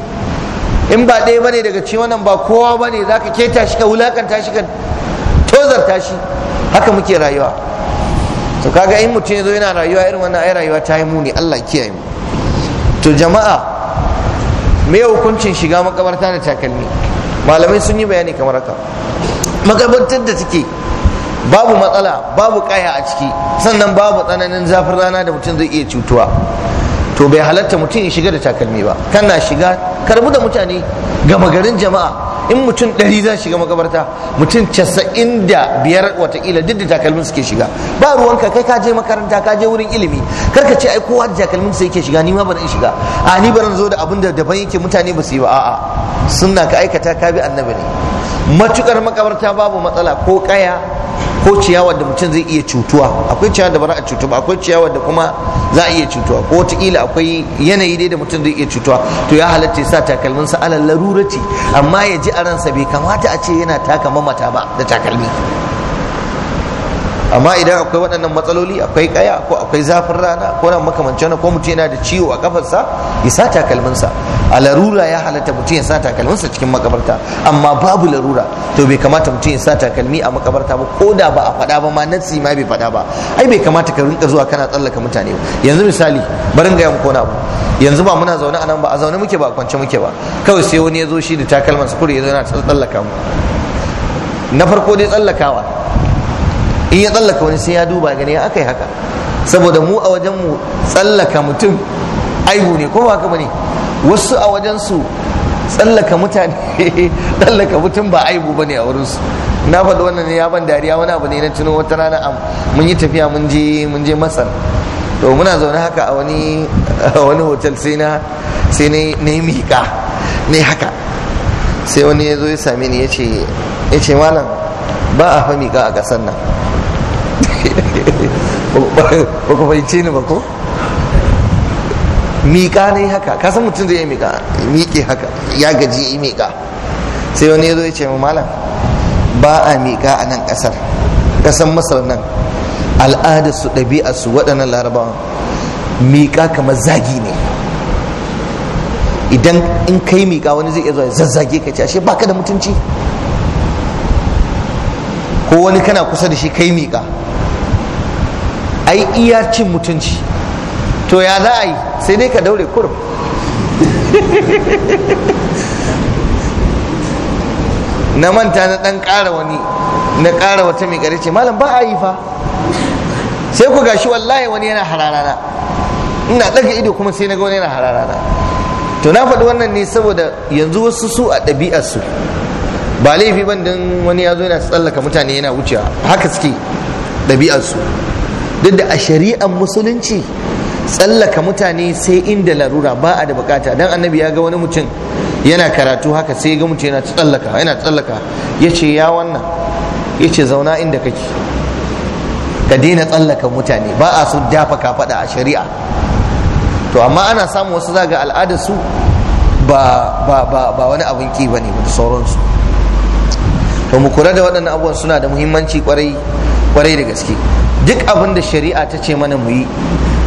in ba ɗaya bane daga ci wannan ba kowa bane za ka keta shi ka wulakanta shi ka tozarta shi haka muke rayuwa to kaga in mutum ya zo yana rayuwa irin wannan ai rayuwa ta yi muni Allah kiyaye mu to jama'a me hukuncin shiga makabarta da takalmi malamai sun yi bayani kamar haka makabartar da take babu matsala babu kaya a ciki sannan babu tsananin zafin rana da mutum zai iya cutuwa to bai halatta mutum ya shiga da takalmi ba kana shiga karbu da mutane gama garin jama'a in mutum ɗari za shiga makabarta mutum casa'in da biyar watakila duk da takalmin suke shiga ba ruwanka kai ka je makaranta ka je wurin ilimi kar ka ce ai kowa da takalmin sai yake shiga ni ma ban shiga a ni baran zo da abin da daban yake mutane ba su yi ba a'a sunna ka aikata ka bi annabi ne matukar makabarta babu matsala ko kaya ko ciyawar da mutum zai iya cutuwa akwai ciyawar da ba a cutu ba akwai ciyawar da kuma za a iya cutuwa ko watakila akwai yanayi dai da mutum zai iya cutuwa to ya halatta ya sa takalmin sa alal larurati amma ya ji a ransa bai kamata a ce yana taka mamata ba da takalmi amma idan akwai waɗannan matsaloli akwai kaya ko akwai zafin rana ko na makamancin ko mutum yana da ciwo a kafarsa ya sa takalminsa a larura ya halatta mutum ya sa takalminsa cikin makabarta amma babu larura to bai kamata mutum ya sa takalmi a makabarta ba ko da ba a faɗa ba ma nasi ma bai faɗa ba ai bai kamata ka rinka zuwa kana tsallaka mutane ba yanzu misali barin gaya muku wani abu yanzu ba muna zaune a nan ba a zaune muke ba a kwance muke ba kawai sai wani ya zo shi da takalmansa kuri ya zo yana tsallaka mu na farko dai tsallakawa in ya tsallaka wani sai ya duba gani aka yi haka saboda mu a wajen mu tsallaka mutum aibu ne ko ba haka bane wasu a wajen su tsallaka mutane (laughs) tsallaka mutum ba aibu bane a wurin su na faɗi wannan ya ban dariya wani abu ne na tuno wata rana mun yi tafiya mun je mun je masar to muna zaune haka a wani (laughs) wani hotel sai na sai ne ne mika ne haka sai wani ya zo ya same ni ya ce malam ba a fa miƙa a ƙasar nan ba ku fahimce ni ne haka ka san mutum zai yi miƙa miƙe haka ya gaji yi miƙa sai wani ya zo ya ce mu malam ba a miƙa a nan ƙasar ƙasar masar nan al'adar su ɗabi'ar su waɗannan larabawa, miƙa kamar zagi ne idan in kai miƙa wani zai iya zuwa zazzage ka ce ashe baka da mutunci ko wani kana kusa da shi kai miƙa ai iya cin mutunci to ya za a yi sai dai ka daure kurum (laughs) na manta na ɗan ƙara wani na ƙara wata mai ƙare ce malam ba a yi fa sai ku gashi wallahi wani yana hararana ina ɗaga ido kuma sai na ga wani yana hararana to na faɗi wannan ne saboda yanzu wasu su a ɗabi'arsu ba laifi ban dan wani ya zo yana tsallaka mutane yana wucewa haka suke ɗabi'arsu duk da a shari'ar musulunci tsallaka mutane sai inda larura ba a da bukata dan annabi ya ga wani mutum yana karatu haka sai ga mutum yana tsallaka yana tsallaka ya ce ya wannan ya ce zauna inda kake ka daina tsallaka mutane ba a so dafa kafaɗa a shari'a to amma ana samun wasu zaga al'adarsu ba ba ba wani abin ki ne, da sauransu to mu kula da waɗannan abubuwan suna da muhimmanci kwarai kwarai da gaske duk abin da shari'a ta ce mana mu yi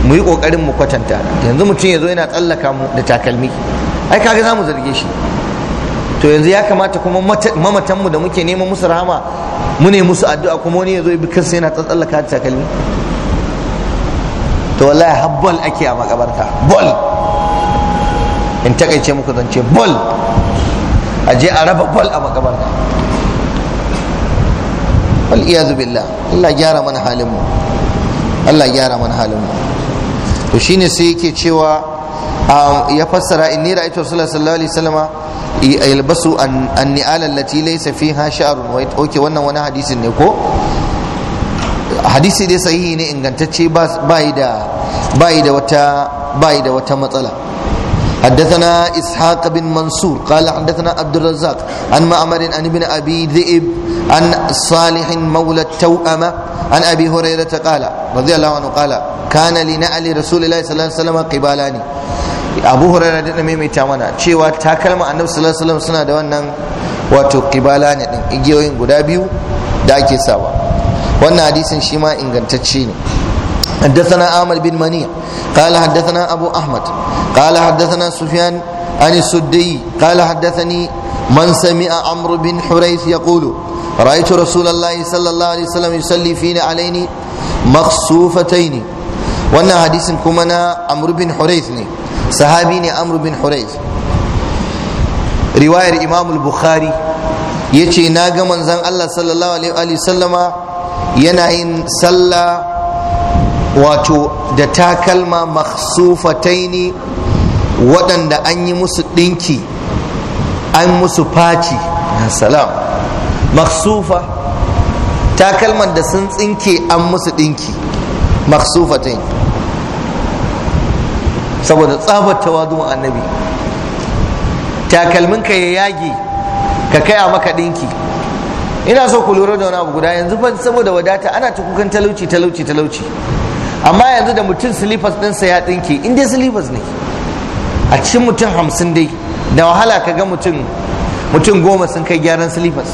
mu yi kokarin mu kwatanta yanzu mutum ya zo yana tsallaka mu da takalmi ai kaga za mu zarge shi to yanzu ya kamata kuma mamatan mu da muke neman musu rahama mu ne musu addu'a kuma wani ya zo bi kansa yana tsallaka da takalmi to wallahi habbal ake a makabarta bol in takaice muku zance bol a je a raba bol a makabarta wal iyazu billah Allah gyara mana halin mu Allah gyara mana halin mu to shine sai yake cewa ya fassara inni ra'aytu sallallahu alaihi wasallama yalbasu an-ni'al allati laysa fiha sha'r wa okay wannan wani hadisin ne ko hadisi dai sahihi ne ingantacce ba yi da wata matsala حدثنا إسحاق بن منصور قال حدثنا عبد الرزاق عن معمر عن ابن أبي ذئب عن صالح مولى التوأمة عن أبي هريرة قال رضي الله عنه قال كان لنعل رسول الله صلى الله عليه وسلم قبالان abu huraira da maimaita mana cewa takalma annabi sallallahu alaihi suna da wannan wato kibala ne din igiyoyin guda biyu da ake sawa wannan hadisin shi ma ingantacce ne حدثنا آمر بن منيع قال حدثنا أبو أحمد قال حدثنا سفيان عن السدي قال حدثني من سمع عمرو بن حريث يقول رأيت رسول الله صلى الله عليه وسلم يصلي فينا علينا مخصوفتين وانا حديث كمنا عمرو بن حريث ني صحابي عمرو بن حريث رواية إمام البخاري يتي ناقا من زن الله صلى الله عليه وسلم ينعين صلى wato da takalma makhsufataini waɗanda an yi musu ɗinki an musu faci salam makhsufa takalman da sun tsinke an musu ɗinki makhsufatain saboda tsabar tawadu annabi takalminka ya yage ka kai a maka ɗinki ina so ku lura da wani abu guda yanzu fa saboda wadata ana kukan talauci talauci talauci amma yanzu da mutum silifas ɗinsa ya ɗinke in dai silifas ne a cikin mutum hamsin dai da wahala ka ga mutum mutum goma sun kai gyaran silifas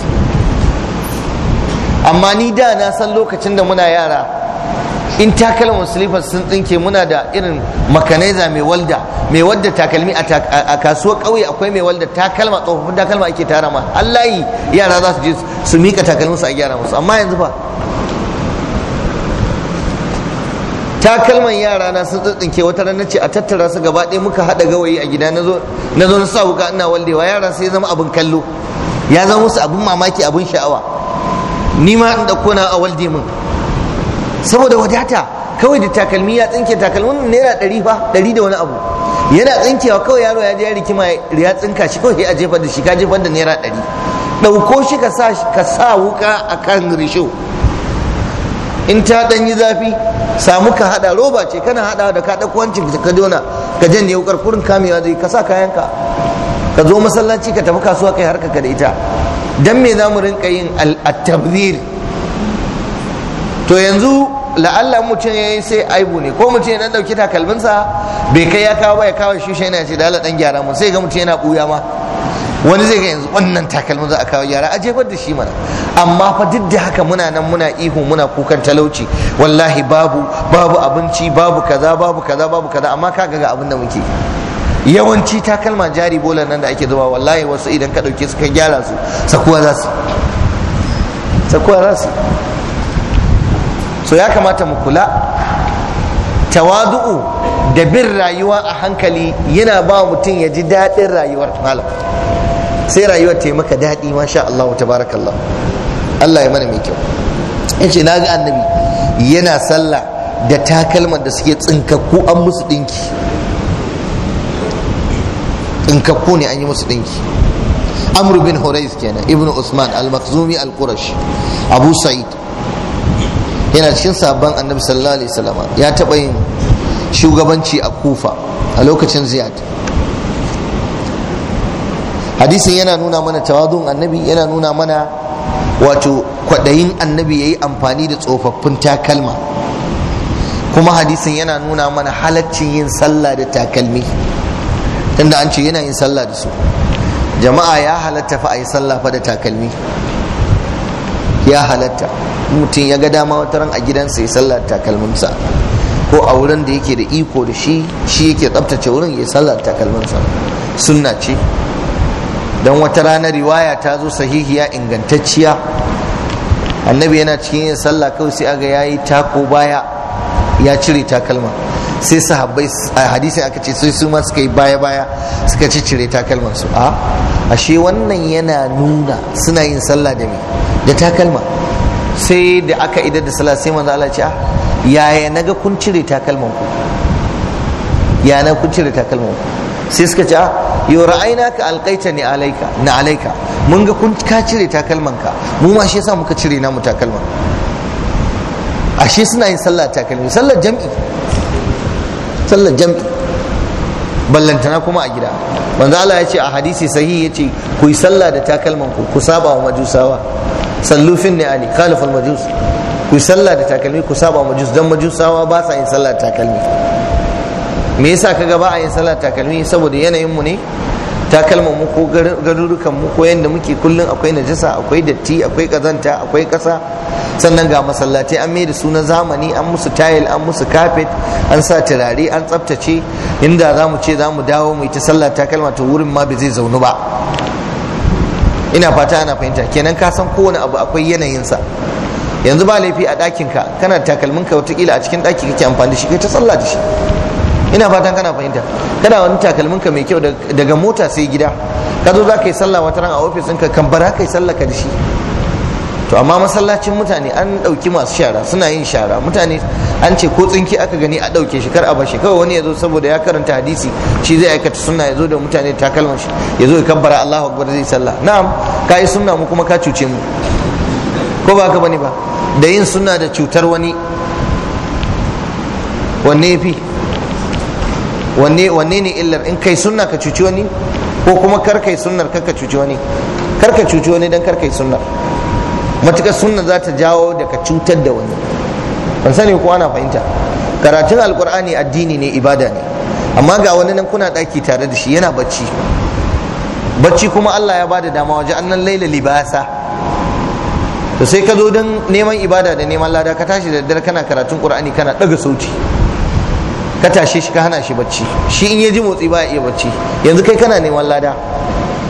amma ni da na san lokacin da muna yara in takalmin silifas sun tsinke muna da irin makaniza mai walda mai wadda takalmi a kasuwar ƙauye akwai mai walda takalma tsofaffin takalma ake tara ma allahi yara za su je su mika takalminsu a gyara musu amma yanzu ba. takalman yara na sun tsintsinke wata ranar ce a tattara su gaba ɗaya muka haɗa gawayi a gida na zo na sa wuka ina waldewa yara sai zama abin kallo ya zama musu abin mamaki abin sha'awa ni ma in ɗauko na a walde min saboda wadata kawai da takalmi ya tsinke takalmin naira ɗari fa ɗari da wani abu yana tsinkewa kawai yaro ya je ya rikima ya tsinka shi kawai a jefar da shi ka jefar da naira ɗari ɗauko shi ka sa wuka a kan risho in ta dan yi zafi samu ka hada roba ce kana hada da ka dauko wancin ka dona ka janye wukar kurin kamewa zai ka sa kayanka ka zo masallaci ka tafi kasuwa kai harka ka da ita dan me zamu rinka yin al-tabdhir to yanzu la'alla mutum ya yi sai aibu ne ko mutum yana ɗauki takalmin sa, bai kai ya kawo ba ya kawo shi shi yana ce da Allah dan gyara mu sai ga mutum yana buya ma wani zai ga yanzu wannan takalmin za a kawo yara a jefar da shi mana amma fa duk da haka muna nan muna ihu muna kukan talauci wallahi babu babu abinci babu kaza babu kaza babu kaza amma kaga ga abin da muke yawanci takalma jari bolan nan da ake zuba wallahi wasu idan ka dauke su ka gyara su sakuwa za su sakuwa za su so ya kamata mu kula tawadu'u da bin rayuwa a hankali yana ba mutum ya ji daɗin rayuwar malam sai rayuwar ta maka daɗi masha Allah tabarakallah Allah ya mana mai kyau ce na ga annabi yana sallah da takalman da suke tsinkakku an musu dinki tsinkakku ne an yi musu dinki amru bin hurais kenan ibn usman al-makhzumi al abu sa'id yana cikin sabon annabi sallallahu alaihi wasallam ya taɓa yin shugabanci a kufa a lokacin ziyad hadisin yana nuna mana tawadun annabi yana nuna mana wato kwaɗayin annabi ya yi amfani da tsofaffin takalma kuma hadisin yana nuna mana halaccin yin sallah da takalmi inda an ce yana yin sallah da su jama'a ya halatta fa a yi sallah fa da takalmi ya halatta mutum ya ga dama wata ran a gidansa ya sallah da takalminsa ko a wurin da yake da iko da shi shi yake tsabtace wurin ya sallah da takalminsa sunna ce don wata rana riwaya ta zo sahihiya ingantacciya annabi yana cikin yin sallah kawai sai aga yayi tako baya ya cire takalma sai sahabbai a hadisi aka ce sai su ma suka yi baya baya suka ci cire takalman su a ashe wannan yana nuna suna yin sallah da me da takalma sai da aka idar da sallah sai manzo Allah ya ce yaya naga kun cire takalman ku ya na kun cire takalman ku sai suka ce ah, yo ra'aina ka alƙaita ni alaika na alaika mun ga kun ka cire takalman ka mu ma shi yasa muka cire namu takalman ashe suna yin sallah takalmi sallar jam'i sallar jam'i ballantana kuma a gida manzo Allah ya ce a hadisi sahihi ya ce ku yi sallah da takalman ku ku saba wa majusawa sallufin ne ali khalifal majus ku yi sallah da takalmi ku saba wa majus dan majusawa ba sa yin sallah da takalmi me yasa kaga ba a yin sallah takalmi saboda yanayin mu ne takalman mu ko garurukan mu ko yanda muke kullun akwai najasa akwai datti akwai kazanta akwai kasa sannan ga masallatai an mai da su na zamani an musu tayil an musu kafet an sa turare an tsaftace inda za mu ce za mu dawo mu yi ta sallah takalma ta wurin ma ba zai zaunu ba ina fata ana fahimta kenan ka san kowane abu akwai yanayinsa yanzu ba laifi a ɗakinka kana takalminka watakila a cikin ɗaki kake amfani da shi kai ta sallah da shi ina fatan kana fahimta kana wani takalmin ka mai kyau daga mota sai gida ka zo za ka yi sallah wata ran a ofis ɗinka kan bara ka yi sallah ka da shi to amma masallacin mutane an ɗauki masu shara suna yin shara mutane an ce ko tsinki aka gani a ɗauke shi kar a bashi kawai wani ya zo saboda ya karanta hadisi shi zai aikata sunna ya zo da mutane takalman shi ya zo ya kabbara Allahu akbar zai sallah na'am ka yi sunna mu kuma ka cuce mu ko ba ka bani ba da yin sunna da cutar wani wanne ya fi wanne wanne ne illar in kai sunna ka cuci wani ko kuma kar kai sunnar kar ka cuci wani kar ka cuci wani dan kar kai sunnar matukar sunna za ta jawo da ka cutar da wani ban sani ko ana fahimta karatun alkur'ani addini ne ibada ne amma ga wani nan kuna daki tare da shi yana bacci bacci kuma Allah ya bada dama waje annan laila libasa to sai ka zo dan neman ibada da neman lada ka tashi da daddare kana karatun qur'ani kana daga sauti ka tashe shi ka hana shi bacci shi in ya ji motsi ba ya iya bacci yanzu kai kana neman lada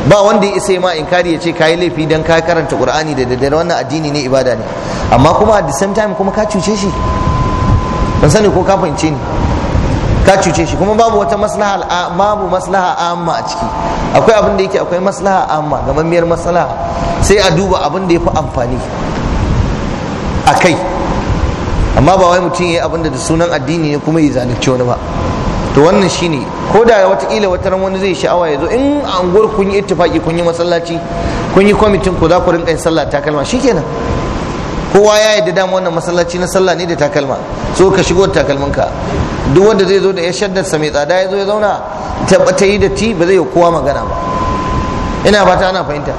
ba wanda ya isa ma inkari ya ce ka yi laifi don ka karanta qur'ani da daddare wannan addini ne ibada ne amma kuma at the time kuma ka cuce shi ban sani ko ka fahimce ni ka cuce shi kuma babu wata maslaha babu maslaha amma a ciki akwai abin da yake akwai maslaha amma gamammiyar maslaha sai a duba abin da ya fi amfani a kai amma ba wai mutum ya yi abin da sunan addini ne kuma ya zalunci wani ba to wannan shine ko da watakila wata ran wani zai sha'awa ya zo in a unguwar kun yi itifaki kun yi masallaci kun yi kwamitin ku za ku rinƙa yin sallah takalma shikenan kowa ya yarda dama wannan masallaci na sallah ne da takalma so ka shigo da takalminka duk wanda zai zo da ya shaddar sa mai tsada ya zo ya zauna ta yi da ti ba zai yi kowa magana ba ina ta ana fahimta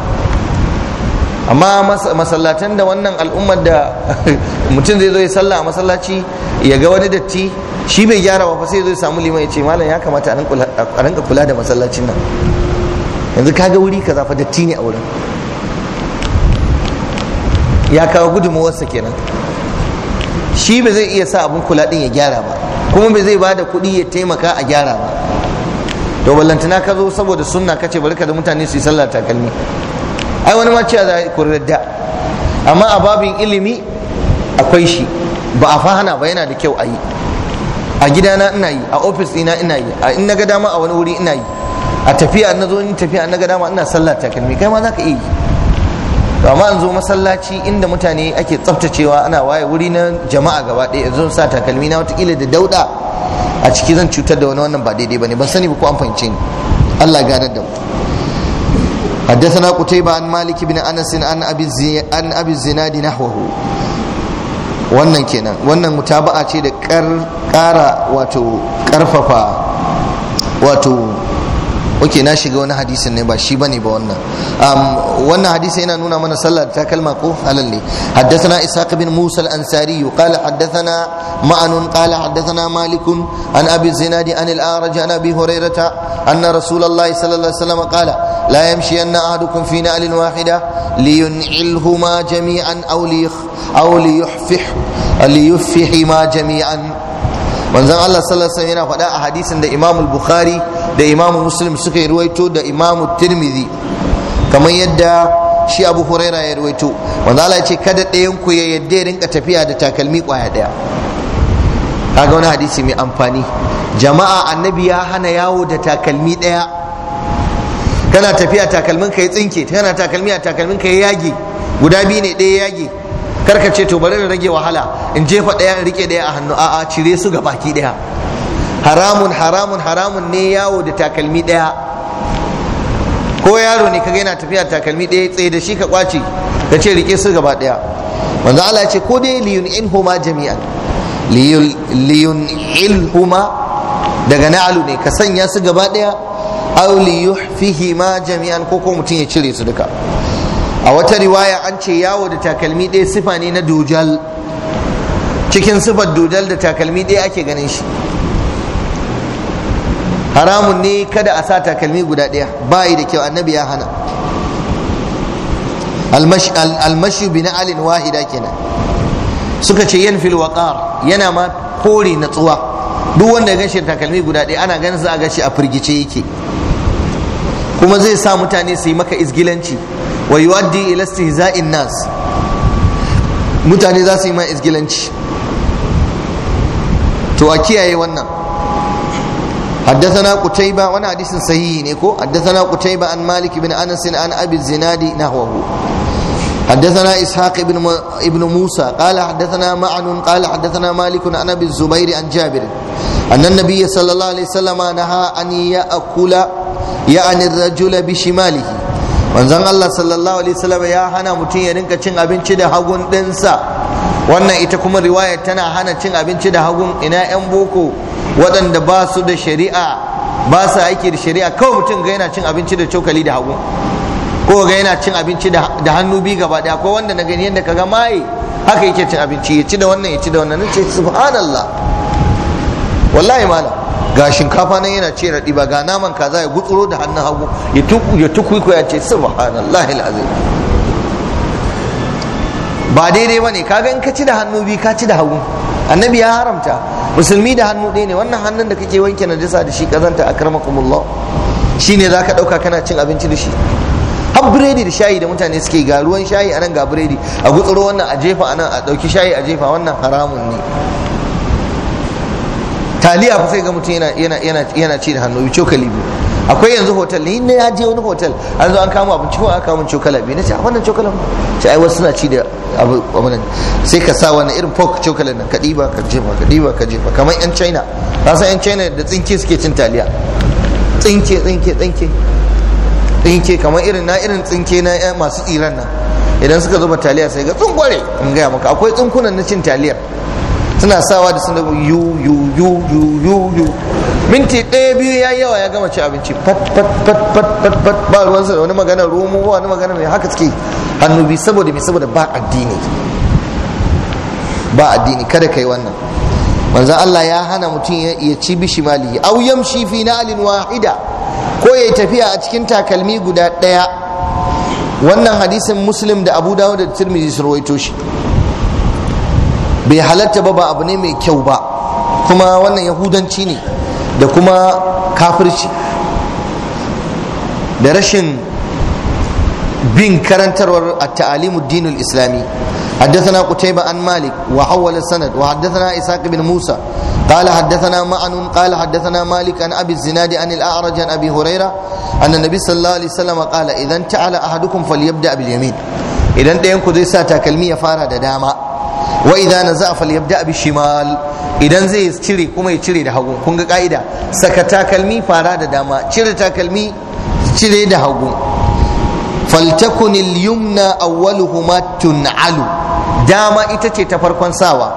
amma masallatan da wannan al'ummar da (laughs) mutum zai zo ya sallah a masallaci ya ga wani datti shi bai gyara ba fa sai zo ya samu liman ya ce malam ya kamata a rinka kula da masallacin nan yanzu kaga wuri kaza fa datti ne a wurin ya kawo gudunmawarsa kenan shi ba zai iya sa abin kula din ya gyara ba kuma ba zai bada kuɗi ya taimaka a gyara ba to ballantana ka zo saboda sunna kace bari ka da mutane su yi sallah takalmi ai wani mace za a kuridda amma a babin ilimi akwai shi ba a fahana ba yana da kyau a yi a gidana ina yi a ofis ina ina yi a ina ga dama a wani wuri ina yi a tafiya na zo in tafiya na ga dama ina sallah takalmi kai ma zaka iya yi to amma an zo masallaci inda mutane ake tsaftacewa ana waye wuri na jama'a gaba ɗaya zan sa takalmi na watakila da dauda a ciki zan cutar da wani wannan ba daidai bane ban sani ba ko an fahimce ni Allah ganar da mu حدثنا قتيبة عن مالك بن أنس عن أبي عن أبي الزناد نحوه wannan kenan wannan mutaba'a ce da ƙara wato ƙarfafa wato ok na shiga wani hadisin ne ba shi bane ba wannan wannan hadisi yana nuna mana sallar, ta takalma ko halalle. ne haddathana ishaq bin musa al-ansari qala haddathana ma'anun, qala haddathana malikun, an abi zinadi an al-araj an abi hurairah anna rasulullahi sallallahu alaihi wasallam qala لا يمشين أحدكم في نعل واحدة لينعلهما جميعا أو ليخ أو ليحفح ليفحما جميعا manzon Allah sallallahu alaihi yana faɗa a hadisin da Imam Bukhari da Imam Muslim suka yi ruwaito da Imam Tirmidhi kamar yadda shi Abu Huraira ya ruwaito manzon Allah ya ce kada ɗayan ku ya yadda ya rinka tafiya da takalmi ƙwaya ɗaya kaga wani hadisi mai amfani jama'a annabi ya hana yawo da takalmi ɗaya kana tafiya takalmin ka yi tsinke kana takalmi a takalmin ka yi yage guda biyu ne ɗaya yage karka ce to bari na rage wahala in jefa ɗaya in rike ɗaya a hannu a'a cire su ga baki ɗaya haramun haramun haramun ne yawo da takalmi ɗaya ko yaro ne kaga yana tafiya takalmi ɗaya tsaye da shi ka kwace ka ce rike su gaba ɗaya manzo Allah ya ce ko dai liyun in huma jami'an liyun il huma daga na'alu ne ka sanya su gaba ɗaya aw li ma jami'an ko mutum ya cire su duka a wata riwaya an ce yawo da takalmi ɗaya sifa ne na dujal cikin sifar dujal da takalmi ɗaya ake ganin shi haramun ne kada a sa takalmi guda ɗaya bayi da kyau annabi ya hana almashi bi alin wahida kenan suka ce yan fil waqar yana ma kore tsuwa. duk wanda ya gashi takalmi guda ɗaya ana ganin za a gashi a firgice yake kuma zai sa mutane su yi maka izgilanci wa yuwaddi ila istihza'in nas mutane za su yi ma izgilanci to a kiyaye wannan حدثنا قتيبة وانا حديث صحيح نيكو حدثنا قتيبة عن مالك بن أنس عن أبي الزناد نحوه حدثنا إسحاق بن ابن موسى قال حدثنا معن قال حدثنا مالك عن أبي الزبير عن جابر أن النبي صلى الله عليه وسلم نهى أن يأكل ya'ani rajula bi shimalihi manzon Allah sallallahu alaihi wasallam ya hana mutum ya rinka cin abinci da hagun ɗinsa. wannan ita kuma riwayar tana hana cin abinci da hagun ina yan boko waɗanda ba su da shari'a ba su aiki da shari'a kawai mutum ga yana cin abinci da cokali da hagu ko ga yana cin abinci da hannu biyu gaba daya ko wanda na gani yadda kaga mai haka yake cin abinci ya ci da wannan ya ci da wannan ce subhanallah wallahi malam ga shinkafa nan yana ce raɗi ba ga naman kaza ya gutsuro da hannun hagu ya tukuiko ya ce subhanallahi alazim ba daidai ba ne ka in ka ci da hannu biyu ka ci da hagu annabi ya haramta musulmi da hannu ɗaya ne wannan hannun da kake wanke najasa da shi kazanta akramakumullah shine zaka ɗauka kana cin abinci da shi har biredi da shayi da mutane suke ga ruwan shayi anan ga biredi a gutsuro wannan a jefa anan a ɗauki shayi a jefa wannan haramun ne taliya fa sai ga mutum yana ci da hannu cokali biyu akwai yanzu hotel yin na ya je wani hotel an zo an kama abin ko an kama cokala biyu na ce a wannan cokalan ce ai wasu suna ci da abu wannan sai ka sa wannan irin pork cokalan nan ka diba ka jefa ka diba ka jefa kamar yan china ba san yan china da tsinke suke cin taliya tsinke tsinke tsinke tsinke kamar irin na irin tsinke na masu iran nan idan suka zuba taliya sai ga tsungware in gaya maka akwai tsunkunan na cin taliyar suna sawa da suna yu yu yu yu yu yu minti ɗaya biyu ya yawa ya gama ci abinci pat pat pat pat pat pat ba ruwansa da wani magana romo ba wani magana mai haka suke hannu bi saboda mai saboda ba addini ba addini kada kai wannan manzan Allah ya hana mutum ya ci bishi mali au yamshi fi na'alin wahida ko ya tafiya a cikin takalmi guda ɗaya wannan hadisin muslim da abu dawud da tirmidhi sun rawaito shi bai halatta ba ba abu ne mai kyau ba kuma wannan yahudanci ne da kuma kafirci da rashin bin karantarwar at-ta'alimu dinul islami حدثنا قتيبة عن مالك وحول السند وحدثنا إسحاق بن موسى قال حدثنا معن قال حدثنا مالك عن أبي الزناد عن الأعرج عن أبي هريرة أن النبي صلى الله عليه وسلم قال إذا انتعل أحدكم فليبدأ باليمين إذا أنت ينكو ذي ساتا كلمية فارة داما wa idza naza'a falyabda bi shimal idan zai cire kuma ya cire da hagu kun ga ka'ida saka takalmi fara da dama cire takalmi cire da hagu faltakunil al-yumna awwaluhuma tun'alu dama ita ce ta farkon sawa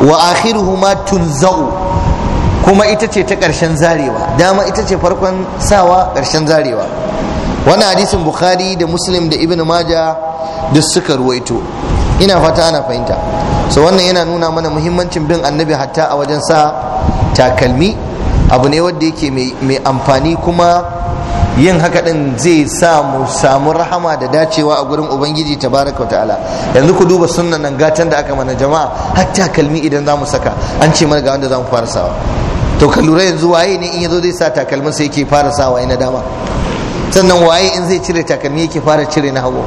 wa akhiruhuma tunza'u kuma ita ce ta karshen zarewa dama ita ce farkon sawa karshen zarewa Wani hadisin bukhari da muslim da ibn majah duk suka ruwaito ina fata ana fahimta so wannan yana nuna mana muhimmancin bin annabi hatta a wajen sa takalmi abu ne wanda yake mai amfani kuma yin haka din zai sa mu samu rahama da dacewa a gurin ubangiji tabaraka ta'ala yanzu ku duba sunnan nan gatan da aka mana jama'a hatta kalmi idan zamu saka an ce mana ga wanda za fara sawa to ka lura yanzu waye ne in yazo zai sa takalmin sa yake fara sawa ina dama sannan waye in zai cire takalmi yake fara cire na hagu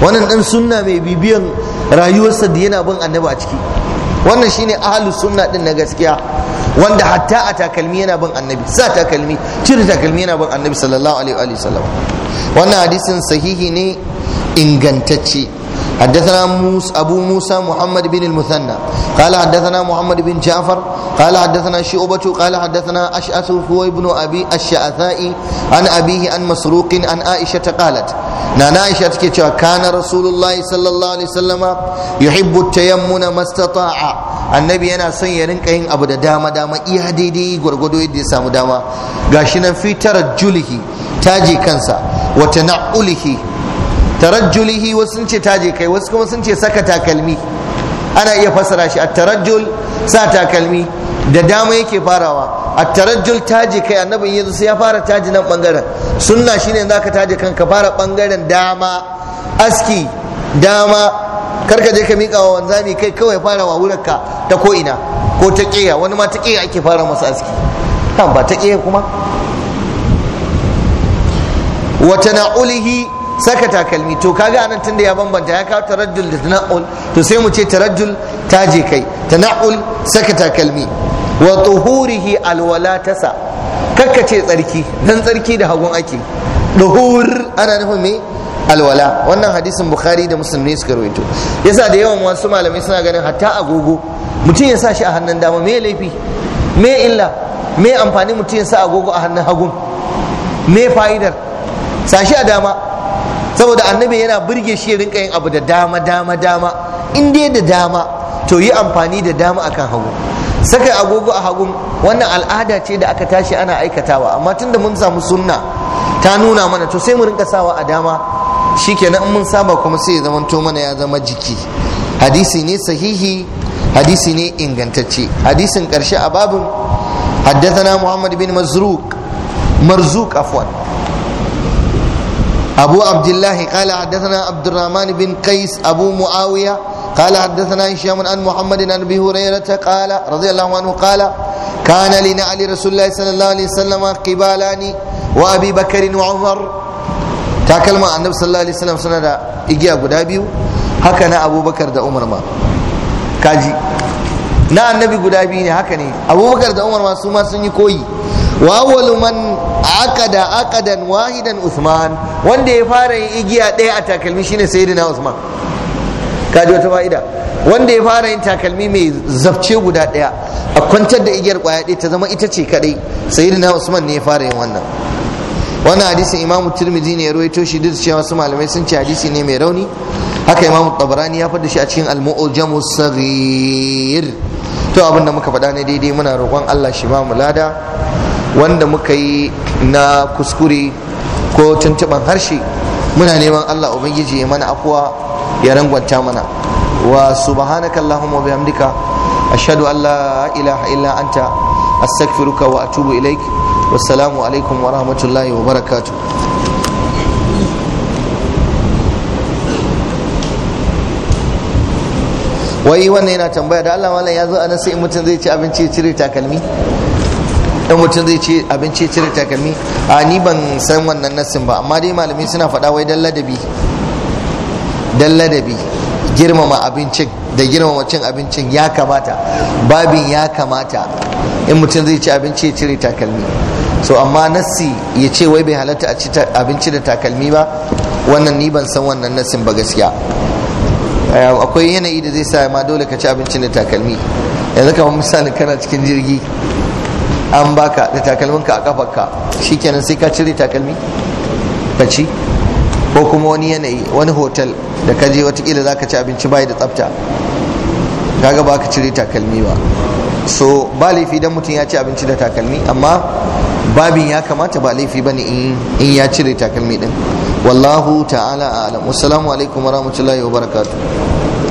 wannan dan sunna mai bibiyan rayuwarsa da yana bin annabi a ciki wannan shine ahlus sunna din na gaskiya wanda hatta a takalmi yana bin annabi sa takalmi cire takalmi yana bin annabi sallallahu alaihi wa sallam wannan hadisin sahihi ne ingantacce حدثنا موس أبو موسى محمد بن المثنى قال حدثنا محمد بن جعفر قال حدثنا شعبة قال حدثنا أشعث هو ابن أبي الشعثاء عن أبيه عن مسروق عن عائشة قالت نانا عائشة كان رسول الله صلى الله عليه وسلم يحب التيمن ما استطاع annabi yana son ya rinka yin abu da dama dama iya daidai gwargwado yadda ya samu dama gashi nan fi tarajjulihi taji kansa wa tana'ulihi tarajjulihi wasu sun ce taje kai wasu kuma sun ce saka takalmi ana iya fasara shi a tarajjul sa takalmi da dama yake farawa a tarajjul taje kai annabin yanzu sai ya fara taji nan bangaren sunna shine za ka taje kanka fara bangaren dama aski dama karka je ka miƙa wa wanzami kai kawai fara wa wurarka ta ko ina ko ta ƙiya wani ma ta ƙiya ake fara masa aski kan ba ta ƙiya kuma wata na'ulihi saka takalmi to kaga anan tunda ya bambanta ya kawo taraddul da tana'ul to sai mu ce taraddul taje kai tana'ul saka takalmi wa tuhurihi alwala tasa kakka ce tsarki dan tsarki da hagun ake duhur ana nufin me alwala wannan hadisin bukhari da muslim ne suka rawaito yasa da yawan wasu malamai suna ganin hatta agogo mutum ya sa shi a hannun dama me laifi me illa me amfani mutum ya sa agogo a hannun hagun me fa'idar sashi a dama saboda annabi yana burge shi ya rinka yin abu da dama dama dama in dai da dama to yi amfani da dama akan hagu saka agogo a hagu. wannan al'ada ce da aka tashi ana aikatawa amma tunda mun samu sunna ta nuna mana to sai mu rinka sawa a dama shikenan in mun saba kuma sai ya zamanto mana ya zama jiki hadisi ne sahihi hadisi ne ingantacce hadisin karshe a babin haddathana muhammad bin mazruk marzuk afwan أبو عبد الله قال حدثنا عبد الرحمن بن قيس أبو معاوية قال حدثنا هشام عن محمد عن أبي هريرة قال رضي الله عنه قال كان لنعل رسول الله صلى الله عليه وسلم قبالان وأبي بكر وعمر تكلم عن النبي صلى الله عليه وسلم سنة إجيا قدابيو هكذا أبو بكر دا عمر ما كاجي na annabi guda biyu ne haka ne abubakar da umar masu ma sun yi koyi wa awwalu man akada akadan wahidan Usman wanda ya fara yin igiya ɗaya a takalmi shine sayyidina Usman kaji wata fa'ida wanda ya fara yin takalmi mai zafce guda ɗaya a kwantar da igiyar kwaya ɗaya ta zama ita ce kadai sayyidina Usman ne ya fara yin wannan wannan hadisin Imam Tirmidhi ne ya rawaito shi duk cewa wasu malamai sun ce hadisi ne mai rauni haka Imam Tabarani ya faɗa shi a cikin Al-Mu'jam as-Saghir to abin da muka faɗa ne daidai muna roƙon Allah shi ba mu lada wanda muka yi na kuskure ko tuntuban harshe muna neman Allah ubangiji ya mana afuwa ya rangwanta mana wa subhanaka allahumma bihamdika ashhadu an la ilaha illa anta astaghfiruka wa atubu ilaik wassalamu alaikum wa rahmatullahi wa barakatuh wai wannan yana tambaya da Allah malam ya zo a sai mutum zai ci abinci cire takalmi dan mutum zai ce abinci cire takalmi a ni ban san wannan nassin ba amma dai malamai suna faɗa wai dan ladabi dan ladabi girmama abincin da girmama cin abincin ya kamata babin ya kamata in mutum zai ci abinci ya cire takalmi so amma nassi ya ce wai bai halatta a ci abinci da takalmi ba wannan ni ban san wannan nassin ba gaskiya eh, akwai yanayi da zai sa ma dole ka ci abincin da takalmi yanzu kamar misalin kana cikin jirgi an baka da takalmin ka a kafarka shikenan sai ka cire takalmi ka ci ko kuma wani yanayi wani hotel da ka je watakila za ka ci abinci bayi da tsafta kaga ba ka cire takalmi ba so ba laifi don mutum ya ci abinci da takalmi amma babin ya kamata ba laifi ne in ya cire takalmi din wallahu ta'ala a'lam wassalamu alaikum wa barakatu.